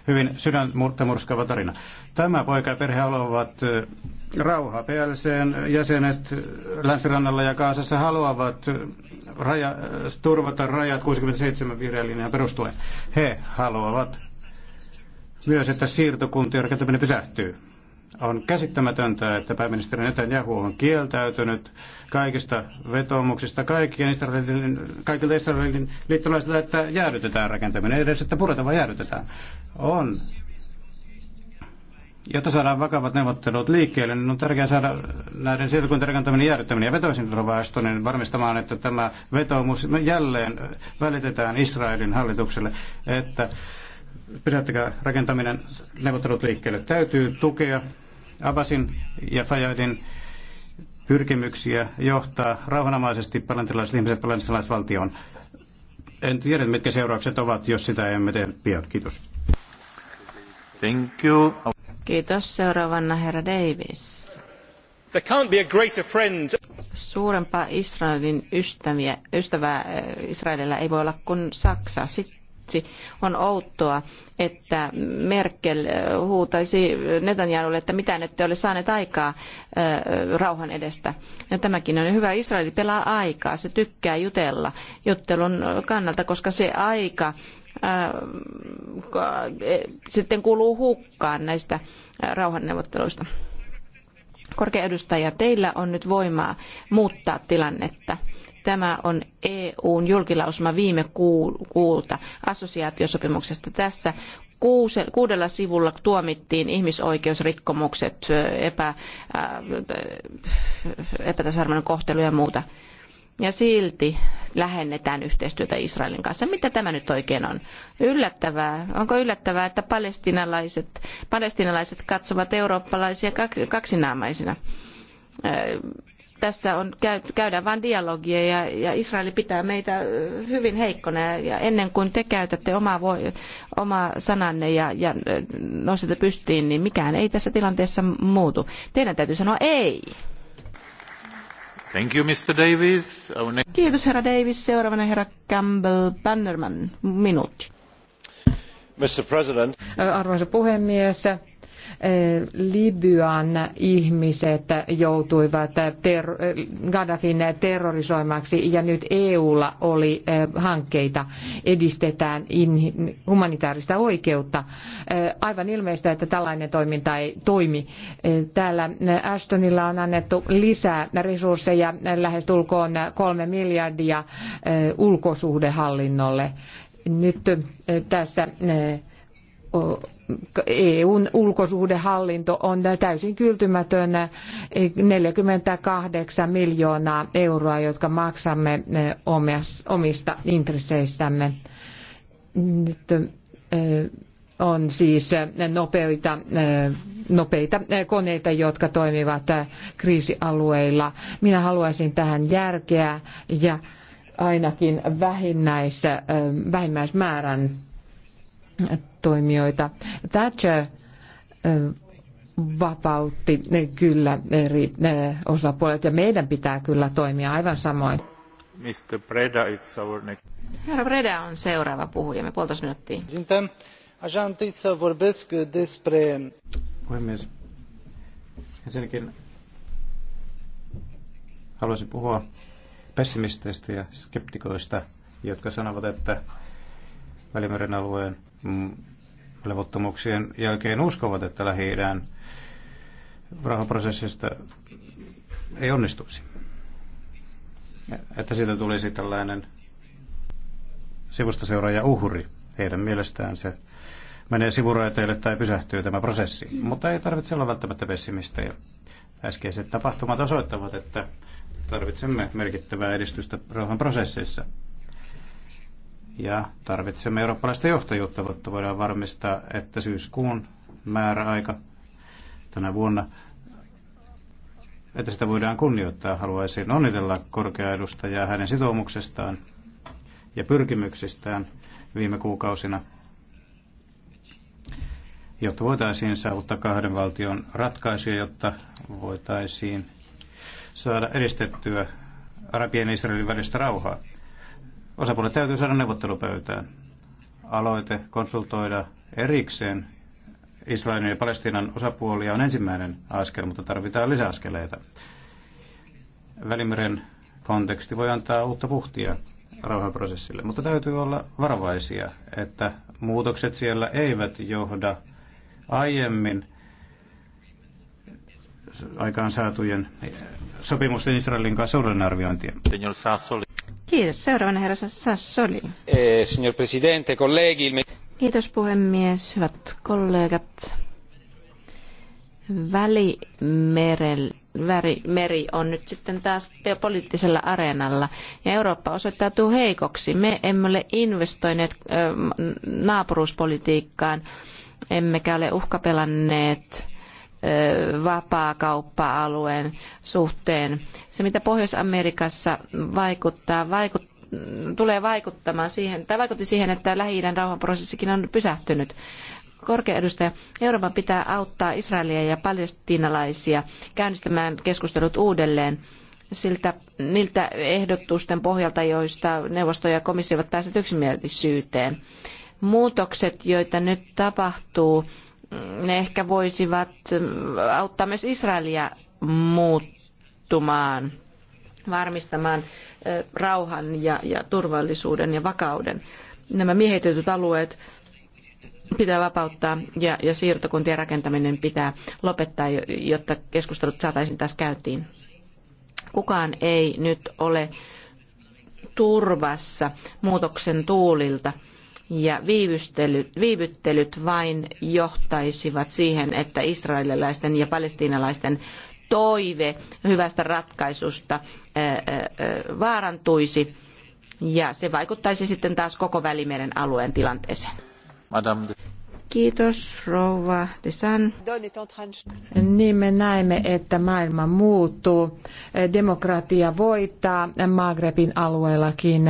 hyvin sydänmurta tarina. Tämä poika ja perhe haluavat eh, rauhaa. PLCn jäsenet eh, länsirannalla ja Kaasassa haluavat raja, turvata rajat 67 vihreän linjan perustuen. He haluavat myös, että siirtokuntien rakentaminen pysähtyy. On käsittämätöntä, että pääministeri Netanyahu on kieltäytynyt kaikista vetoomuksista kaikkien Israelin, kaikilta Israelin liittolaisilta, että jäädytetään rakentaminen, edes että puretaan vai jäädytetään. On. Jotta saadaan vakavat neuvottelut liikkeelle, niin on tärkeää saada näiden siirtokuntien rakentaminen jäädyttäminen ja vetoisin niin varmistamaan, että tämä vetoomus jälleen välitetään Israelin hallitukselle, että pysäyttäkää rakentaminen neuvottelut liikkeelle. Täytyy tukea Abbasin ja Fajadin pyrkimyksiä johtaa rauhanomaisesti palantilaiset ihmiset palantilaisvaltioon. En tiedä, mitkä seuraukset ovat, jos sitä emme tee pian. Kiitos. Thank you. Kiitos. Seuraavana herra Davis. There can't be a greater friend. Suurempaa Israelin ystäviä, ystävää eh, Israelilla ei voi olla kuin Saksa. Sitten Siksi on outoa, että Merkel huutaisi Netanjahulle, että mitään ette ole saaneet aikaa rauhan edestä. Ja tämäkin on hyvä. Israel pelaa aikaa, se tykkää jutella juttelun kannalta, koska se aika e, sitten kuluu hukkaan näistä rauhanneuvotteluista. Korkea edustaja, teillä on nyt voimaa muuttaa tilannetta Tämä on EUn julkilausuma viime kuulta assosiaatiosopimuksesta. Tässä kuudella sivulla tuomittiin ihmisoikeusrikkomukset, epä, epätasarvoinen kohtelu ja muuta. Ja silti lähennetään yhteistyötä Israelin kanssa. Mitä tämä nyt oikein on? Yllättävää. Onko yllättävää, että palestinalaiset, palestinalaiset katsovat eurooppalaisia kaksinaamaisina? tässä on, käydään vain dialogia ja, ja Israel pitää meitä hyvin heikkona. Ja ennen kuin te käytätte omaa, voi, omaa sananne ja, ja nostatte pystiin, niin mikään ei tässä tilanteessa muutu. Teidän täytyy sanoa ei. Thank you, Mr. Davis. Kiitos, herra Davis. Seuraavana herra Campbell Bannerman, minuutti. Mr. President. Arvoisa puhemies, Libyan ihmiset joutuivat ter- Gaddafin terrorisoimaksi ja nyt EUlla oli hankkeita edistetään in- humanitaarista oikeutta. Aivan ilmeistä, että tällainen toiminta ei toimi. Täällä Ashtonilla on annettu lisää resursseja lähes tulkoon kolme miljardia ulkosuhdehallinnolle. Nyt tässä EUn ulkosuhdehallinto on täysin kyltymätön 48 e, miljoonaa euroa, jotka maksamme e, omista intresseistämme. Nyt e, on siis nopeita, nopeita koneita, jotka toimivat kriisialueilla. Minä haluaisin tähän järkeä ja ainakin vähimmäismäärän toimijoita. Thatcher vapautti kyllä eri osapuolet ja meidän pitää kyllä toimia aivan samoin. Mr. Preda, it's our next. Herra Breda on seuraava me puolitoista minuuttia. Aș întâi să vorbesc despre... Puhemies, ensinnäkin haluaisin puhua pessimisteistä ja skeptikoista, jotka sanovat, että Välimeren alueen levottomuuksien jälkeen uskovat, että lähi rauhanprosessista ei onnistuisi. Että siitä tulisi tällainen sivustaseuraaja uhri. Heidän mielestään se menee sivuraiteille tai pysähtyy tämä prosessi. Mutta ei tarvitse olla välttämättä Ja Äskeiset tapahtumat osoittavat, että tarvitsemme merkittävää edistystä rauhan prosessissa ja tarvitsemme eurooppalaista johtajuutta, jotta voidaan varmistaa, että syyskuun määräaika tänä vuonna, että sitä voidaan kunnioittaa. Haluaisin onnitella korkea edustajaa hänen sitoumuksestaan ja pyrkimyksistään viime kuukausina, jotta voitaisiin saavuttaa kahden valtion ratkaisuja, jotta voitaisiin saada edistettyä Arabien ja Israelin välistä rauhaa. Osapuolet täytyy saada neuvottelupöytään. Aloite konsultoida erikseen Israelin ja Palestiinan osapuolia on ensimmäinen askel, mutta tarvitaan lisäaskeleita. Välimeren konteksti voi antaa uutta puhtia rauhanprosessille, mutta täytyy olla varovaisia, että muutokset siellä eivät johda aiemmin aikaan saatujen sopimusten Israelin kanssa uudelleenarviointia. Kiitos. Seuraavana herra Sassoli. Eh, signor Presidente, kollegi... Kiitos puhemies, hyvät kollegat. Välimeri on nyt sitten taas poliittisella areenalla ja Eurooppa osoittautuu heikoksi. Me emme ole investoineet eh, naapuruuspolitiikkaan, emmekä ole uhkapelanneet vapaakauppa-alueen suhteen. Se, mitä Pohjois-Amerikassa vaikuttaa, vaikuttaa tulee vaikuttamaan siihen, tai vaikutti siihen, että Lähi-idän rauhanprosessikin on pysähtynyt. Korkea edustaja, Euroopan pitää auttaa Israelia ja palestiinalaisia käynnistämään keskustelut uudelleen siltä, niiltä ehdotusten pohjalta, joista neuvosto ja komissio ovat päässeet yksimielisyyteen. Muutokset, joita nyt tapahtuu Mm, ne ehkä voisivat mm, auttaa myös Israelia muuttumaan, varmistamaan rauhan ja, ja turvallisuuden ja vakauden. Nämä miehitetyt alueet pitää vapauttaa ja, ja siirtokuntien rakentaminen pitää lopettaa, jotta keskustelut saataisiin taas käyntiin. Kukaan ei nyt ole turvassa muutoksen tuulilta ja viivyttelyt vain johtaisivat siihen, että israelilaisten ja palestiinalaisten toive hyvästä ratkaisusta vaarantuisi ja se vaikuttaisi sitten taas koko Välimeren alueen tilanteeseen. Kiitos, rouva San. Niin me näemme, että maailma muuttuu. Demokratia voittaa Magrebin alueellakin.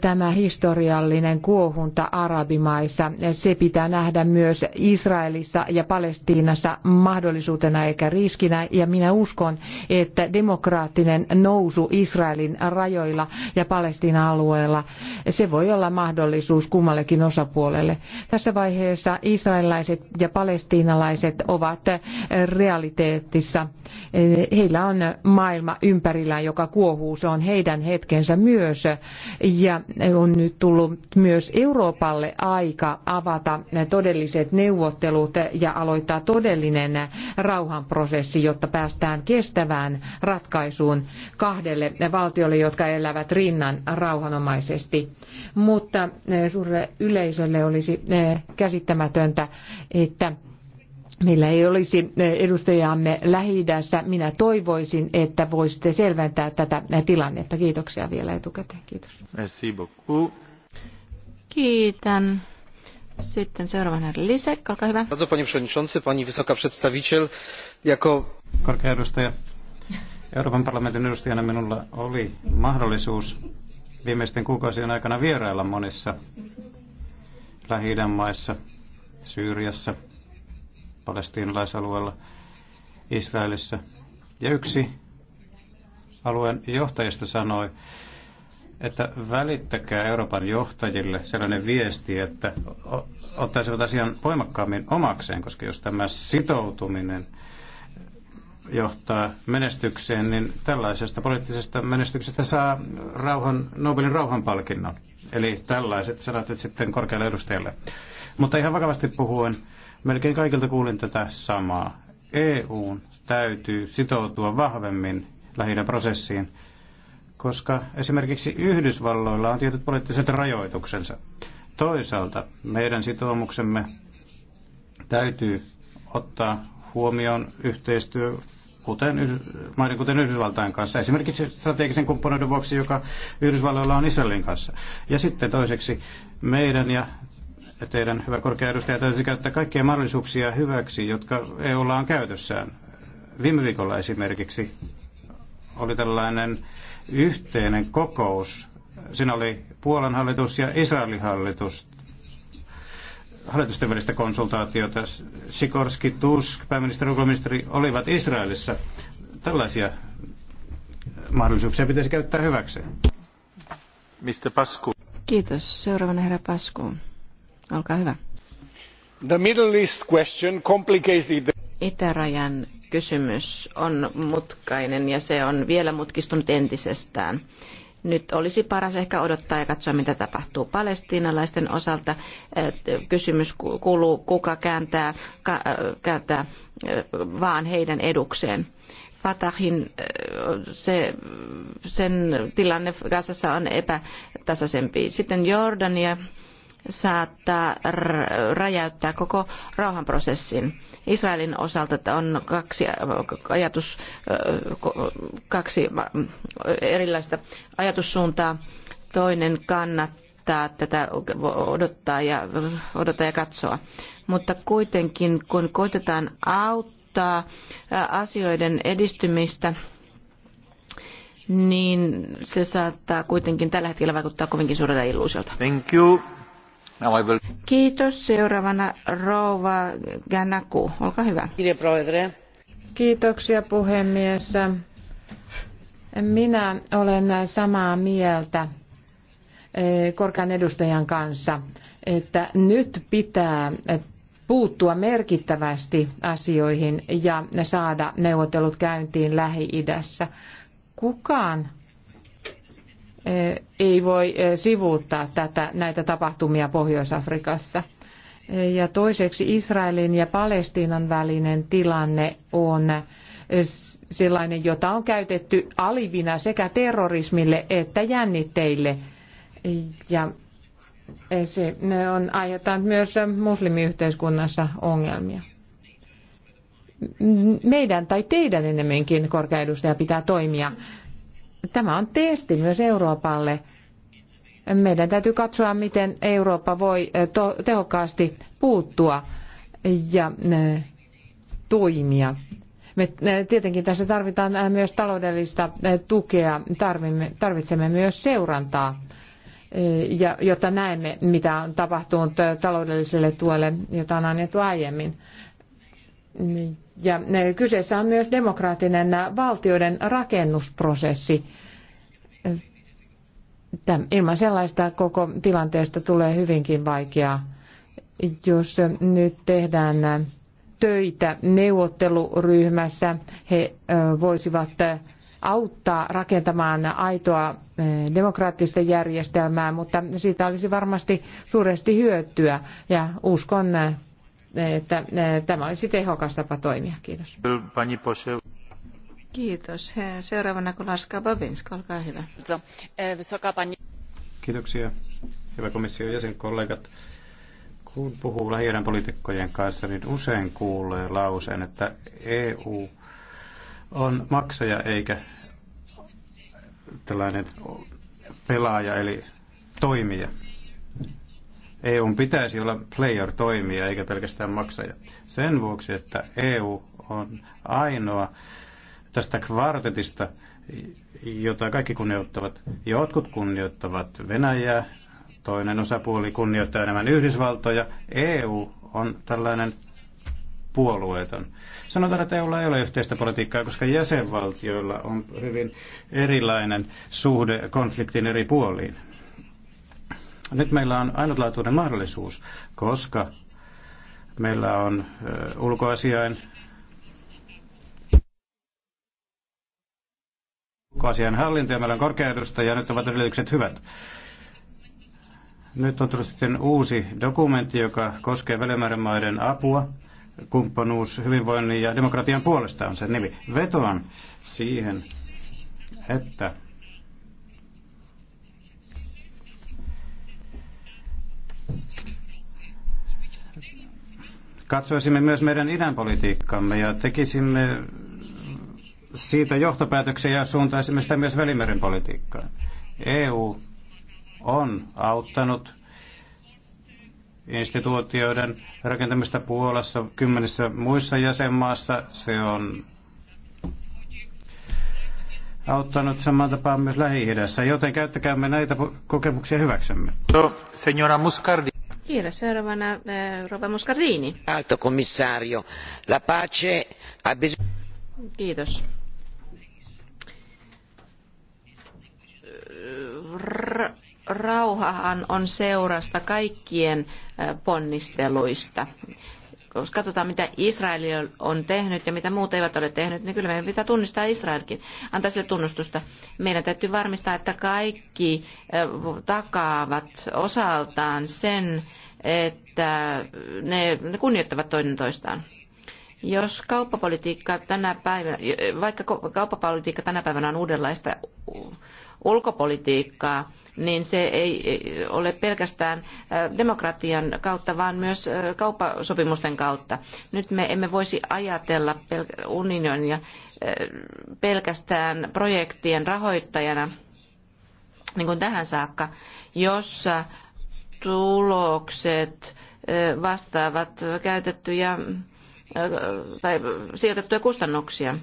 Tämä historiallinen kuohunta arabimaissa, se pitää nähdä myös Israelissa ja Palestiinassa mahdollisuutena eikä riskinä. Ja minä uskon, että demokraattinen nousu Israelin rajoilla ja Palestiinan alueella, se voi olla mahdollisuus kummallekin osapuolelle. Tässä vaiheessa israelilaiset ja palestiinalaiset ovat eh, realiteetissa. Eh, heillä on maailma ympärillään, joka kuohuu. Se on heidän hetkensä myös. Ja on nyt tullut myös Euroopalle aika avata todelliset neuvottelut ja aloittaa todellinen rauhanprosessi, jotta päästään kestävään ratkaisuun kahdelle valtiolle, jotka elävät rinnan rauhanomaisesti. Mutta eh, suurelle yleisölle olisi käsittämätöntä, käsittämätöntä, että meillä ei olisi edustajaamme lähi -idässä. Minä toivoisin, että voisitte selventää tätä tilannetta. Kiitoksia vielä etukäteen. Kiitos. Merci Kiitän. Sitten seuraavana Lisek, olkaa hyvä. Bardzo panie przewodniczący, pani wysoka przedstawiciel, jako... Korkea edustaja. Euroopan parlamentin edustajana minulla oli mahdollisuus viimeisten kuukausien aikana vierailla monissa lähi maissa – Syyriassa, palestiinalaisalueella, Israelissa. Ja yksi alueen johtajista sanoi, että välittäkää Euroopan johtajille sellainen viesti, että ottaisivat asian voimakkaammin omakseen, koska jos tämä sitoutuminen johtaa menestykseen, niin tällaisesta poliittisesta menestyksestä saa rauhan, Nobelin rauhanpalkinnon. Eli tällaiset sanat nyt sitten korkealle edustajalle. Mutta ihan vakavasti puhuen, melkein kaikilta kuulin tätä samaa. EUn täytyy sitoutua vahvemmin lähinnä prosessiin, koska esimerkiksi Yhdysvalloilla on tietyt poliittiset rajoituksensa. Toisaalta meidän sitoumuksemme täytyy ottaa huomioon yhteistyö kuten, maiden kuten Yhdysvaltain kanssa, esimerkiksi strategisen kumppanuuden vuoksi, joka Yhdysvalloilla on Israelin kanssa. Ja sitten toiseksi meidän ja teidän hyvä korkea edustaja täytyisi käyttää kaikkia mahdollisuuksia hyväksi, jotka EUlla on käytössään. Viime viikolla esimerkiksi oli tällainen yhteinen kokous. Siinä oli Puolan hallitus ja Israelin hallitus hallitusten välistä konsultaatiota. Sikorski, Tusk, pääministeri ja ulkoministeri olivat Israelissa. Tällaisia mahdollisuuksia pitäisi käyttää hyväksi. Mr. Pasku. Kiitos. Seuraavana herra Pasku. Itärajan kysymys on mutkainen ja se on vielä mutkistunut entisestään. Nyt olisi paras ehkä odottaa ja katsoa, mitä tapahtuu palestiinalaisten osalta. Kysymys kuuluu, kuka kääntää, kääntää vaan heidän edukseen. Fatahin se, sen tilanne Gazassa on epätasaisempi. Sitten Jordania saattaa räjäyttää koko rauhanprosessin. Israelin osalta on kaksi äh, ajatus, äh, kaksi erilaista ajatussuuntaa. Toinen kannattaa tätä odottaa ja, odottaa ja katsoa. Mutta kuitenkin, kun koitetaan auttaa äh, asioiden edistymistä, niin se saattaa kuitenkin tällä hetkellä vaikuttaa kovinkin suurelta illuusiolta. Thank you. Kiitos. Seuraavana Rova Ganaku. Olkaa hyvä. Kiitoksia puhemies. Minä olen samaa mieltä eh, korkean edustajan kanssa, että nyt pitää puuttua merkittävästi asioihin ja saada neuvottelut käyntiin Lähi-idässä. Kukaan ei voi sivuuttaa tätä, näitä tapahtumia Pohjois-Afrikassa. Ja toiseksi Israelin ja Palestiinan välinen tilanne on sellainen, jota on käytetty alivina sekä terrorismille että jännitteille. Ja se on aiheuttanut myös muslimiyhteiskunnassa ongelmia. Meidän tai teidän enemmänkin korkea edustaja pitää toimia tämä on testi myös Euroopalle. Meidän täytyy katsoa, miten Eurooppa voi eh, tehokkaasti puuttua ja eh, toimia. Me eh, tietenkin tässä tarvitaan myös taloudellista tukea, tarvitsemme myös seurantaa, jotta näemme, mitä on tapahtunut taloudelliselle tuelle, jota on annettu aiemmin. Niin. Ja kyseessä on myös demokraattinen valtioiden rakennusprosessi. Ilman sellaista koko tilanteesta tulee hyvinkin vaikeaa. Jos nyt tehdään töitä neuvotteluryhmässä, he voisivat auttaa rakentamaan aitoa demokraattista järjestelmää, mutta siitä olisi varmasti suuresti hyötyä ja uskon että tämä olisi tehokas tapa toimia. Kiitos. Kiitos. Seuraavana laskaa Babinska, olkaa hyvä. Kiitoksia, hyvä komission kollegat. Kun puhuu lähi poliitikkojen kanssa, niin usein kuulee lauseen, että EU on maksaja eikä tällainen pelaaja eli toimija. EUn pitäisi olla player-toimija eikä pelkästään maksaja. Sen vuoksi, että EU on ainoa tästä kvartetista, jota kaikki kunnioittavat. Jotkut kunnioittavat Venäjää, toinen osapuoli kunnioittaa enemmän Yhdysvaltoja. EU on tällainen puolueeton. Sanotaan, että EUlla ei ole yhteistä politiikkaa, koska jäsenvaltioilla on hyvin erilainen suhde konfliktin eri puoliin. Nyt meillä on ainutlaatuinen mahdollisuus, koska meillä on ulkoasiain ulkoasian hallinto ja meillä on korkea ja nyt ovat edellytykset hyvät. Nyt on tullut sitten uusi dokumentti, joka koskee Välimeren maiden apua, kumppanuus hyvinvoinnin ja demokratian puolesta on sen nimi. Vetoan siihen, että Katsoisimme myös meidän idänpolitiikkamme ja tekisimme siitä johtopäätöksiä ja suuntaisimme sitä myös Välimeren politiikkaan. EU on auttanut instituutioiden rakentamista Puolassa, kymmenessä muissa jäsenmaassa. Se on auttanut samaan tapaan myös Lähi-idässä, joten käyttäkäämme näitä kokemuksia hyväksemme. No, signora Muscardi. Kiitos. Seuraavana eh, Rova Muscardini. Alto komissario, la pace ha bisogno... Kiitos. R- rauhahan on seurasta kaikkien eh, ponnisteluista jos katsotaan, mitä Israel on tehnyt ja mitä muut eivät ole tehnyt, niin kyllä meidän pitää tunnistaa Israelkin, antaa sille tunnustusta. Meidän täytyy varmistaa, että kaikki takaavat osaltaan sen, että ne, ne kunnioittavat toinen toistaan. Jos kauppapolitiikka tänä päivänä, vaikka kauppapolitiikka tänä päivänä on uudenlaista ulkopolitiikkaa, niin se ei ole pelkästään äh, demokratian kautta, vaan myös äh, kauppasopimusten kautta. Nyt me emme voisi ajatella unionia äh, pelkästään projektien rahoittajana, niin kuin tähän saakka, jossa tulokset vastaavat käytettyjä tai sijoitettuja kustannuksia.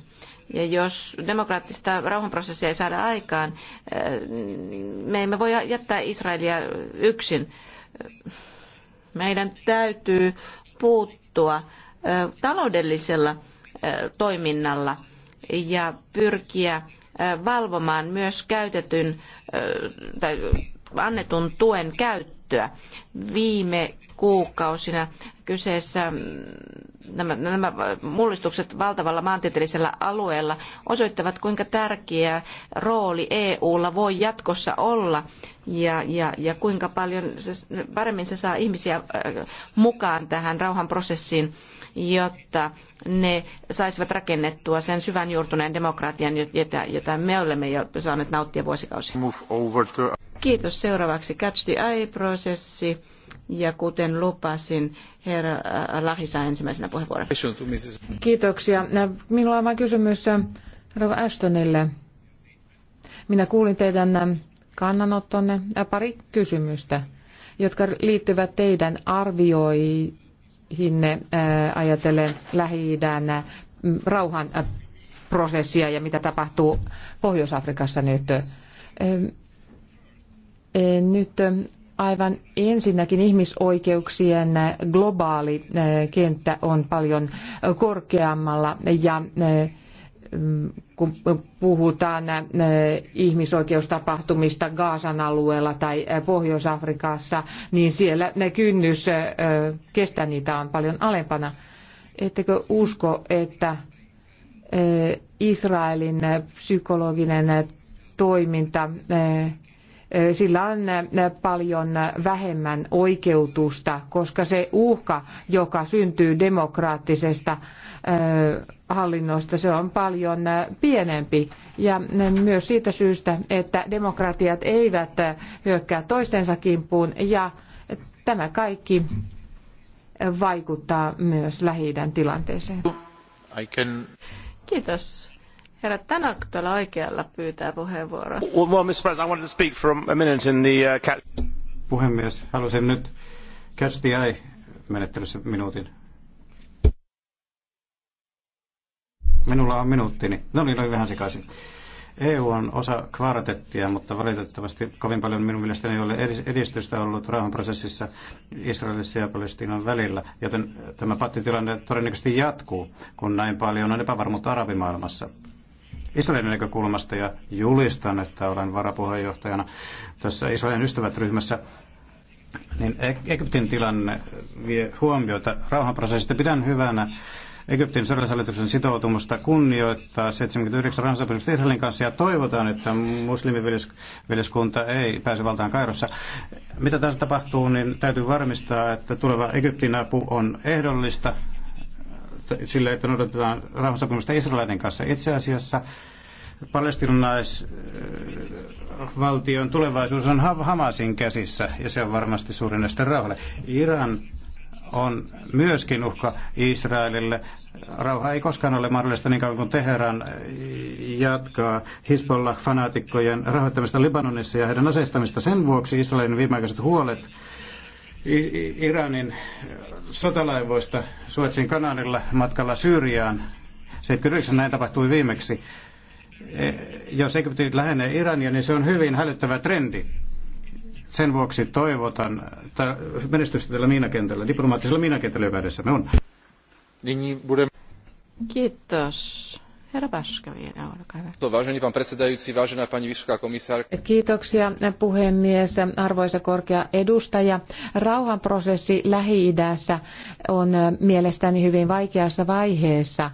Ja jos demokraattista rauhanprosessia ei saada aikaan, äh, me emme voi jättää Israelia yksin. Meidän täytyy puuttua äh, taloudellisella äh, toiminnalla ja pyrkiä valvomaan myös käytetyn tai annetun tuen käyttöä. Viime kuukausina. Kyseessä mm, nämä, nämä mullistukset valtavalla maantieteellisellä alueella osoittavat, kuinka tärkeä rooli EUlla voi jatkossa olla ja, ja, ja kuinka paljon se, paremmin se saa ihmisiä äh, mukaan tähän rauhanprosessiin, jotta ne saisivat rakennettua sen syvän juurtuneen demokratian, jota, jota me olemme jo saaneet nauttia vuosikausia. Kiitos. Seuraavaksi Catch the Eye-prosessi. Ja kuten lupasin, herra Lahi saa ensimmäisenä puheenvuoron. Kiitoksia. Minulla on vain kysymys äh, rouva Ashtonille. Minä kuulin teidän äh, kannanottonne äh, pari kysymystä, jotka liittyvät teidän arvioihinne ajatellen Lähi-idän rauhan prosessia ja mitä tapahtuu Pohjois-Afrikassa nyt. Nyt Aivan ensinnäkin ihmisoikeuksien globaali eh, kenttä on paljon eh, korkeammalla ja eh, mm, kun puhutaan ihmisoikeustapahtumista Gaasan alueella tai Pohjois-Afrikassa, niin siellä ne kynnys kestää niitä on paljon alempana. Ettekö usko, että Israelin psykologinen toiminta sillä on paljon vähemmän oikeutusta, koska se uhka, joka syntyy demokraattisesta hallinnosta, se on paljon pienempi. Ja myös siitä syystä, että demokratiat eivät hyökkää toistensa kimppuun ja tämä kaikki vaikuttaa myös lähi tilanteeseen. Can... Kiitos. Herra Tanak tuolla oikealla pyytää puheenvuoroa. Well, Mr. President, I wanted to speak for a minute in the... Uh, cat... Puhemies, halusin nyt catch the eye menettelyssä minuutin. Minulla on minuuttini. No niin, noin vähän sekaisin. EU on osa kvartettia, mutta valitettavasti kovin paljon minun mielestäni ei ole edistystä ollut rauhanprosessissa Israelissa ja Palestiinan välillä, joten tämä pattitilanne todennäköisesti jatkuu, kun näin paljon on epävarmuutta arabimaailmassa. Israelin näkökulmasta ja julistan, että olen varapuheenjohtajana tässä Israelin ystävät-ryhmässä. Niin Egyptin tilanne vie huomiota rauhanprosessista. Pidän hyvänä Egyptin sotilashallituksen sitoutumusta kunnioittaa 79 ransopimusta Israelin kanssa ja toivotaan, että muslimiveliskunta ei pääse valtaan Kairossa. Mitä tässä tapahtuu, niin täytyy varmistaa, että tuleva Egyptin apu on ehdollista sille, että noudatetaan rauhansopimusta Israelin kanssa. Itse asiassa palestinaisvaltion tulevaisuus on Hamasin käsissä ja se on varmasti suurin näistä rauhalle. Iran on myöskin uhka Israelille. Rauha ei koskaan ole mahdollista niin kauan kuin Teheran jatkaa Hisbollah-fanaatikkojen rahoittamista Libanonissa ja heidän aseistamista. Sen vuoksi Israelin viimeaikaiset huolet Iranin sotalaivoista Suetsin kananilla matkalla Syyriaan. 79 näin tapahtui viimeksi. E, jos Egypti lähenee Irania, niin se on hyvin hälyttävä trendi. Sen vuoksi toivotan menestystä tällä miinakentällä, diplomaattisella miinakentällä, joka edessämme on. Kiitos. To Paska vielä, olkaa hyvä. Vážený pan predsedajúci, vážená pani vysoká komisárka. Kiitoksia puhemies, arvoisa korkea edustaja. Rauhanprosessi Lähi-idässä on äh, mielestäni hyvin vaikeassa vaiheessa äh,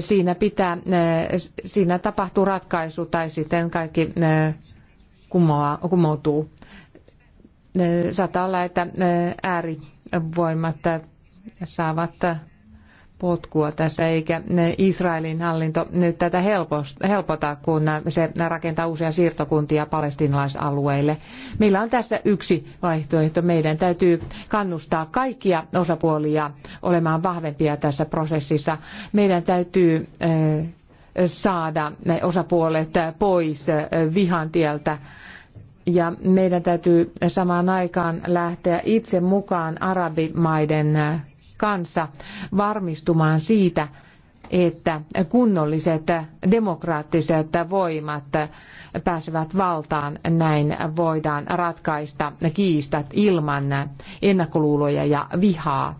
siinä, pitää, äh, siinä tapahtuu ratkaisu tai sitten kaikki kumoaa, kumoutuu. Saattaa olla, että äärivoimat saavat potkua tässä, eikä Israelin hallinto nyt tätä helpota, kun se rakentaa uusia siirtokuntia palestinalaisalueille. Meillä on tässä yksi vaihtoehto. Meidän täytyy kannustaa kaikkia osapuolia olemaan vahvempia tässä prosessissa. Meidän täytyy eh, saada ne osapuolet pois eh, vihan tieltä. Ja meidän täytyy samaan aikaan lähteä itse mukaan arabimaiden eh, kanssa varmistumaan siitä, että kunnolliset demokraattiset voimat pääsevät valtaan. Näin voidaan ratkaista kiistat ilman ennakkoluuloja ja vihaa.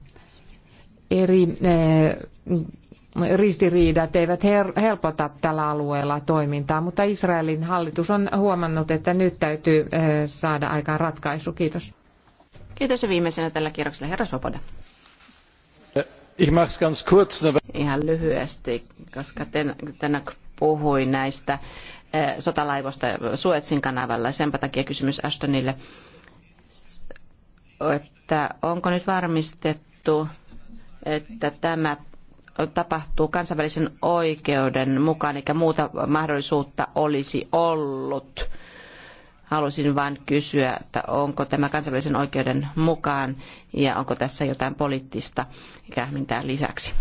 Eri eh, ristiriidat eivät helpota tällä alueella toimintaa, mutta Israelin hallitus on huomannut, että nyt täytyy eh, saada aikaan ratkaisu. Kiitos. Kiitos ja viimeisenä tällä kierroksella herra Sopoda. Ihan lyhyesti, koska Tenak puhui näistä eh, sotalaivoista Suetsin kanavalla. Sen takia kysymys Ashtonille, että onko nyt varmistettu, että tämä tapahtuu kansainvälisen oikeuden mukaan, eikä muuta mahdollisuutta olisi ollut Halusin vain kysyä, että onko tämä kansainvälisen oikeuden mukaan ja onko tässä jotain poliittista kähmintää lisäksi.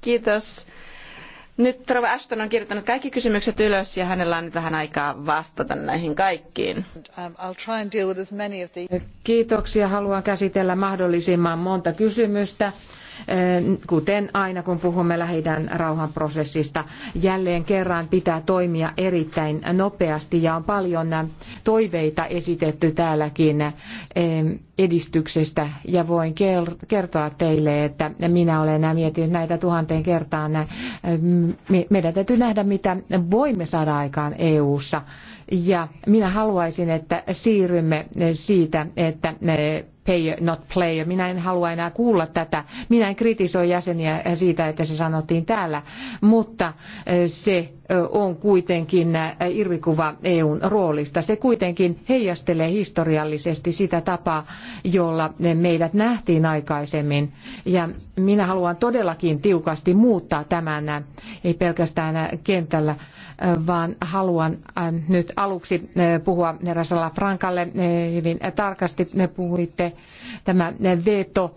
Kiitos. Nyt Rova Ashton on kirjoittanut kaikki kysymykset ylös ja hänellä on nyt vähän aikaa vastata näihin kaikkiin. Um, Kiitoksia. Haluan käsitellä mahdollisimman monta kysymystä. Eh, kuten aina kun puhumme lähidän rauhanprosessista. Jälleen kerran pitää toimia erittäin nopeasti ja on paljon toiveita esitetty täälläkin eh, edistyksestä ja voin kertoa teille, että minä olen miettinyt näitä tuhanteen kertaan. Eh, meidän täytyy nähdä, mitä voimme saada aikaan EU-ssa. Ja minä haluaisin, että siirrymme siitä, että pay not player. Minä en halua enää kuulla tätä. Minä en kritisoi jäseniä siitä, että se sanottiin täällä, mutta eh, se on kuitenkin irvikuva EUn roolista. Se kuitenkin heijastelee historiallisesti sitä tapaa, jolla meidät nähtiin aikaisemmin. Ja minä haluan todellakin tiukasti muuttaa tämän, ei pelkästään kentällä, vaan haluan äh, nyt aluksi äh, puhua Rasala Frankalle äh, hyvin tarkasti. Ne puhuitte tämä veto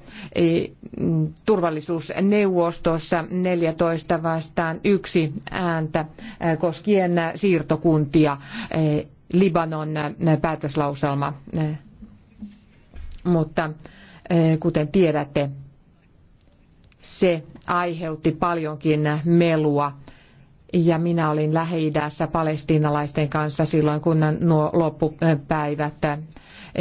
turvallisuusneuvostossa 14 vastaan yksi ääntä Eh, koskien siirtokuntia eh, Libanon eh, päätöslauselma. Mutta kuten tiedätte, se aiheutti paljonkin melua ja minä olin Lähi-idässä palestiinalaisten kanssa silloin, kun nuo loppupäivät,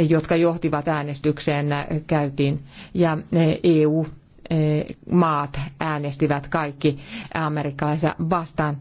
jotka johtivat äänestykseen, käytiin. Ja EU-maat e äänestivät kaikki amerikkalaisia vastaan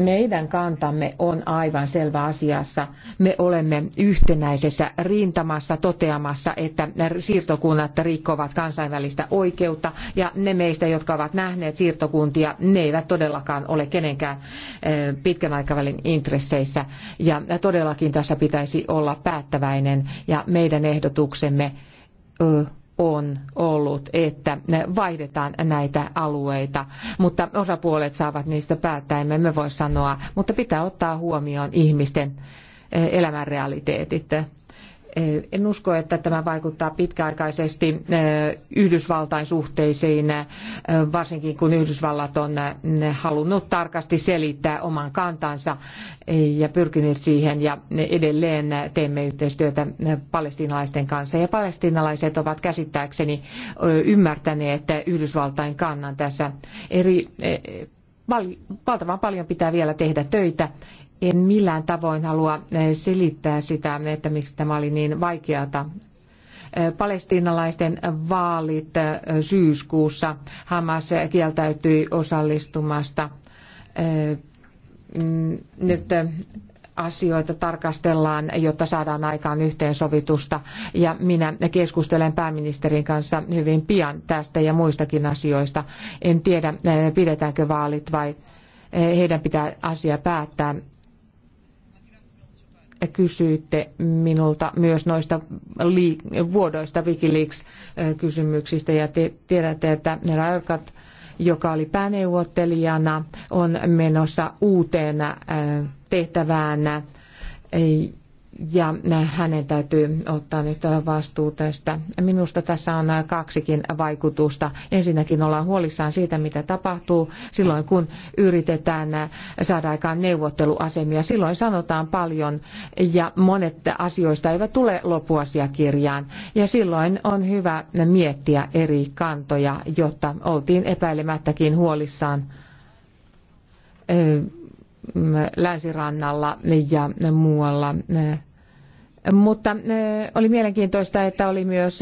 meidän kantamme on aivan selvä asiassa. Me olemme yhtenäisessä rintamassa toteamassa, että siirtokunnat rikkovat kansainvälistä oikeutta ja ne meistä, jotka ovat nähneet siirtokuntia, ne eivät todellakaan ole kenenkään eh, pitkän aikavälin intresseissä. Ja todellakin tässä pitäisi olla päättäväinen ja meidän ehdotuksemme eh, on ollut, että vaihdetaan näitä alueita, mutta osapuolet saavat niistä päättää, emme me voi sanoa, mutta pitää ottaa huomioon ihmisten eh, elämän realiteetit. Eh, en usko, että tämä vaikuttaa pitkäaikaisesti eh, Yhdysvaltain suhteisiin, eh, varsinkin kun Yhdysvallat on halunnut tarkasti selittää oman kantansa ja pyrkinyt siihen. Ja edelleen teemme yhteistyötä palestiinalaisten kanssa. Ja palestiinalaiset ovat käsittääkseni ymmärtäneet Yhdysvaltain kannan tässä. Eri, valtavan paljon pitää vielä tehdä töitä en millään tavoin halua eh, selittää sitä, että miksi tämä oli niin vaikeata. Eh, palestiinalaisten vaalit eh, syyskuussa Hamas kieltäytyi osallistumasta. Mm, nyt asioita tarkastellaan, jotta saadaan aikaan yhteensovitusta. Ja minä keskustelen pääministerin kanssa hyvin pian tästä ja muistakin asioista. En tiedä, pidetäänkö vaalit vai heidän pitää asia päättää kysyitte minulta myös noista liik- vuodoista Wikileaks-kysymyksistä ja te tiedätte, että Rarkat, joka oli pääneuvottelijana, on menossa uuteen äh, tehtävään ja hänen täytyy ottaa nyt vastuu tästä. Minusta tässä on kaksikin vaikutusta. Ensinnäkin ollaan huolissaan siitä, mitä tapahtuu silloin, kun yritetään saada aikaan neuvotteluasemia. Silloin sanotaan paljon ja monet asioista eivät tule lopuasiakirjaan. Ja silloin on hyvä miettiä eri kantoja, jotta oltiin epäilemättäkin huolissaan länsirannalla ja muualla mutta oli mielenkiintoista, että oli myös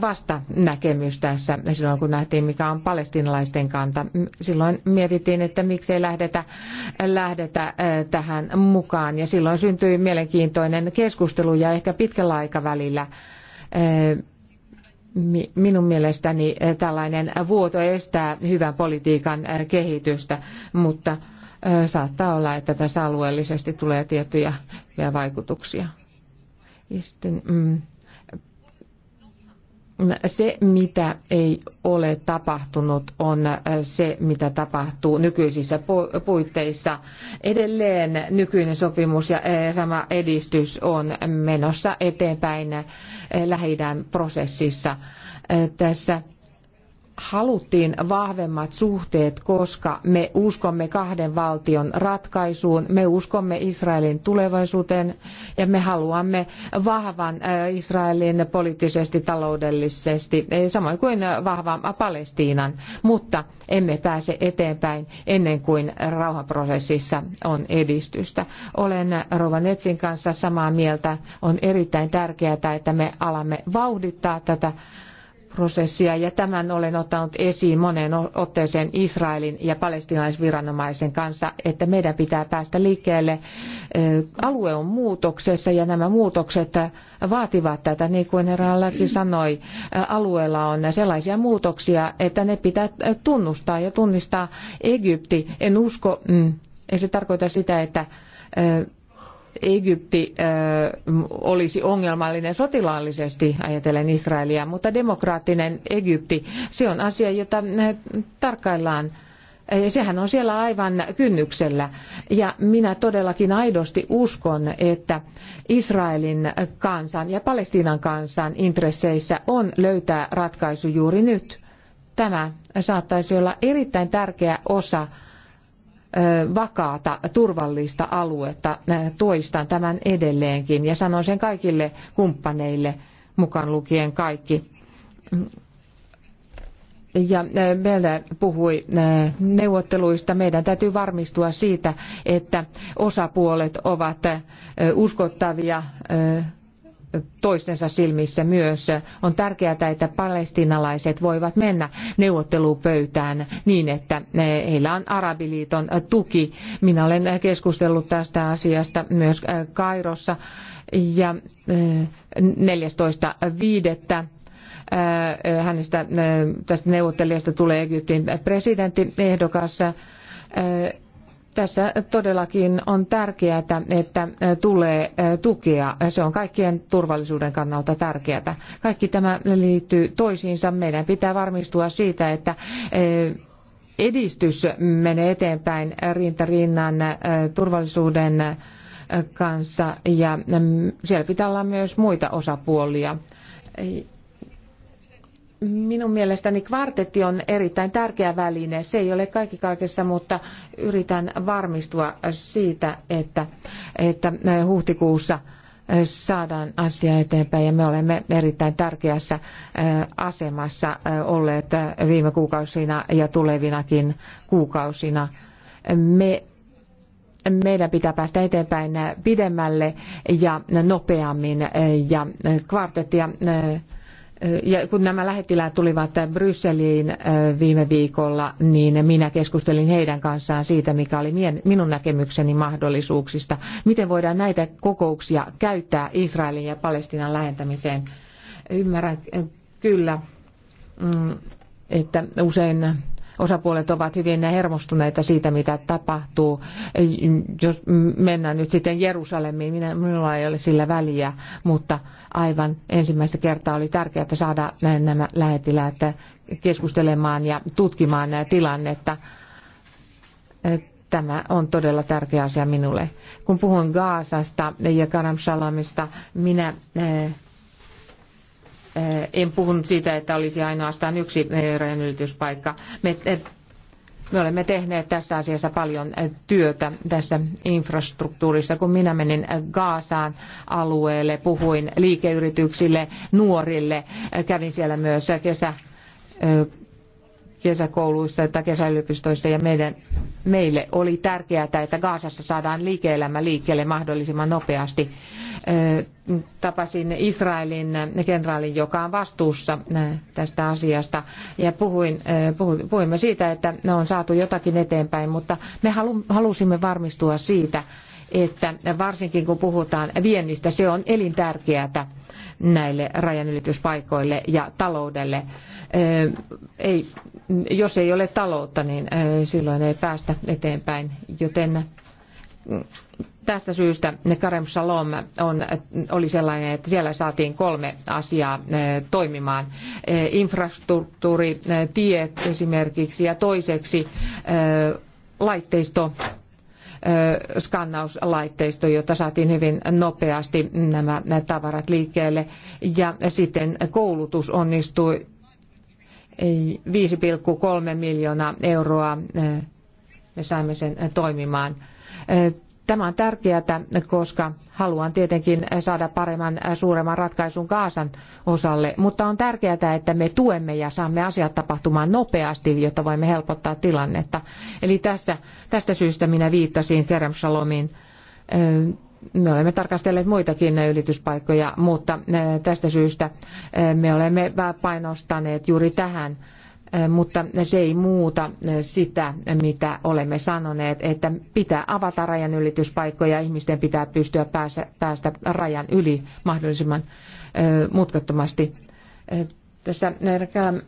vastanäkemys tässä silloin, kun nähtiin, mikä on palestinalaisten kanta. Silloin mietittiin, että miksei lähdetä, lähdetä tähän mukaan. Ja silloin syntyi mielenkiintoinen keskustelu ja ehkä pitkällä aikavälillä minun mielestäni tällainen vuoto estää hyvän politiikan kehitystä, mutta saattaa olla, että tässä alueellisesti tulee tiettyjä vaikutuksia. Ja sitten, mm, se, mitä ei ole tapahtunut, on se, mitä tapahtuu nykyisissä puitteissa. Edelleen nykyinen sopimus ja sama edistys on menossa eteenpäin lähidän prosessissa. Tässä haluttiin vahvemmat suhteet, koska me uskomme kahden valtion ratkaisuun, me uskomme Israelin tulevaisuuteen ja me haluamme vahvan äh, Israelin poliittisesti, taloudellisesti, eh, samoin kuin vahvan Palestiinan, mutta emme pääse eteenpäin ennen kuin rauhanprosessissa on edistystä. Olen Rovanetsin kanssa samaa mieltä. On erittäin tärkeää, että me alamme vauhdittaa tätä prosessia ja tämän olen ottanut esiin moneen otteeseen Israelin ja palestinaisviranomaisen kanssa, että meidän pitää päästä liikkeelle. Alue on muutoksessa ja nämä muutokset vaativat tätä, niin kuin herra Läki sanoi, alueella on sellaisia muutoksia, että ne pitää tunnustaa ja tunnistaa Egypti. En usko, mm, ei se tarkoita sitä, että Egypti olisi ongelmallinen sotilaallisesti ajatellen Israelia, mutta demokraattinen Egypti, se on asia, jota tarkkaillaan Sehän on siellä aivan kynnyksellä. Ja minä todellakin aidosti uskon, että Israelin kansan ja Palestiinan kansan intresseissä on löytää ratkaisu juuri nyt. Tämä saattaisi olla erittäin tärkeä osa vakaata, turvallista aluetta. Toistan tämän edelleenkin ja sanon sen kaikille kumppaneille, mukaan lukien kaikki. Ja Belder puhui neuvotteluista. Meidän täytyy varmistua siitä, että osapuolet ovat uskottavia toistensa silmissä myös. On tärkeää, että palestiinalaiset voivat mennä neuvottelupöytään niin, että heillä on Arabiliiton tuki. Minä olen keskustellut tästä asiasta myös Kairossa ja 14.5 eh, eh, hänestä eh, tästä neuvottelijasta tulee Egyptin presidentti ehdokas tässä todellakin on tärkeää, että tulee tukea. Se on kaikkien turvallisuuden kannalta tärkeää. Kaikki tämä liittyy toisiinsa. Meidän pitää varmistua siitä, että edistys menee eteenpäin rinta rinnan turvallisuuden kanssa ja siellä pitää olla myös muita osapuolia Minun mielestäni kvartetti on erittäin tärkeä väline. Se ei ole kaikki kaikessa, mutta yritän varmistua siitä, että, että huhtikuussa saadaan asia eteenpäin ja me olemme erittäin tärkeässä asemassa olleet viime kuukausina ja tulevinakin kuukausina. Me meidän pitää päästä eteenpäin pidemmälle ja nopeammin ja kvartettia ja kun nämä lähettiläät tulivat Brysseliin viime viikolla, niin minä keskustelin heidän kanssaan siitä, mikä oli minun näkemykseni mahdollisuuksista. Miten voidaan näitä kokouksia käyttää Israelin ja Palestiinan lähentämiseen? Ymmärrän kyllä, mm, että usein osapuolet ovat hyvin hermostuneita siitä, mitä tapahtuu. Jos mennään nyt sitten Jerusalemiin, minä, minulla ei ole sillä väliä, mutta aivan ensimmäistä kertaa oli tärkeää saada nämä lähetilät keskustelemaan ja tutkimaan tilannetta. Tämä on todella tärkeä asia minulle. Kun puhun Gaasasta ja Karam Shalomista, minä eh, Eh, en puhunut siitä, että olisi ainoastaan yksi eh, rajanylityspaikka. Me, eh, me olemme tehneet tässä asiassa paljon työtä tässä infrastruktuurissa. Kun minä menin Gaasaan alueelle, puhuin liikeyrityksille, nuorille, kävin siellä myös kesä kesäkouluissa tai kesäyliopistoissa ja meidän, meille oli tärkeää, että Gaasassa saadaan liike-elämä liikkeelle mahdollisimman nopeasti. Tapasin Israelin kenraalin, joka on vastuussa tästä asiasta ja puhuin, puhuimme siitä, että on saatu jotakin eteenpäin, mutta me halusimme varmistua siitä, että varsinkin kun puhutaan viennistä, se on elintärkeää näille rajanylityspaikoille ja taloudelle. Ei, jos ei ole taloutta, niin silloin ei päästä eteenpäin, joten mm, tästä syystä Karem Shalom on, oli sellainen, että siellä saatiin kolme asiaa toimimaan. Infrastruktuuri, tiet esimerkiksi ja toiseksi laitteisto skannauslaitteisto, jotta saatiin hyvin nopeasti nämä tavarat liikkeelle. Ja sitten koulutus onnistui 5,3 miljoonaa euroa. Me saimme sen toimimaan. Tämä on tärkeää, koska haluan tietenkin saada paremman, suuremman ratkaisun Kaasan osalle, mutta on tärkeää, että me tuemme ja saamme asiat tapahtumaan nopeasti, jotta voimme helpottaa tilannetta. Eli tässä, tästä syystä minä viittasin Kerem Shalomin me olemme tarkastelleet muitakin ylityspaikkoja, mutta tästä syystä me olemme painostaneet juuri tähän mutta se ei muuta sitä, mitä olemme sanoneet, että pitää avata rajanylityspaikkoja, ihmisten pitää pystyä päästä, päästä rajan yli mahdollisimman mutkattomasti. Tässä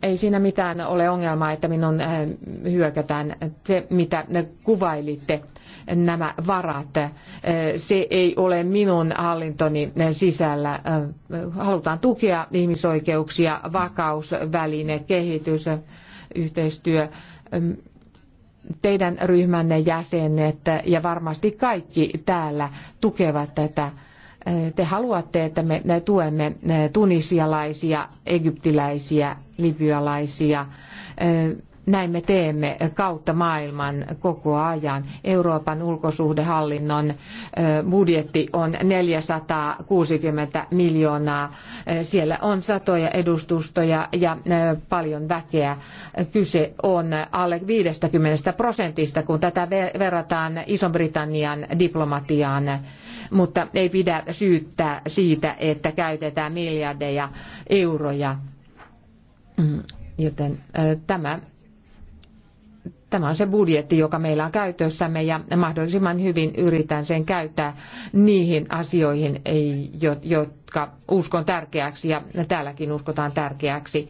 ei siinä mitään ole ongelmaa, että minun hyökätään se, mitä kuvailitte nämä varat. Se ei ole minun hallintoni sisällä. Halutaan tukea ihmisoikeuksia, vakausväline, kehitys, yhteistyö teidän ryhmänne jäsenet ja varmasti kaikki täällä tukevat tätä. Te haluatte, että me tuemme tunisialaisia, egyptiläisiä, libyalaisia, näin me teemme kautta maailman koko ajan. Euroopan ulkosuhdehallinnon budjetti on 460 miljoonaa. Siellä on satoja edustustoja ja paljon väkeä. Kyse on alle 50 prosentista, kun tätä verrataan Ison-Britannian diplomatiaan. Mutta ei pidä syyttää siitä, että käytetään miljardeja euroja. Mm, joten tämä Tämä on se budjetti, joka meillä on käytössämme ja mahdollisimman hyvin yritän sen käyttää niihin asioihin, jotka uskon tärkeäksi ja täälläkin uskotaan tärkeäksi.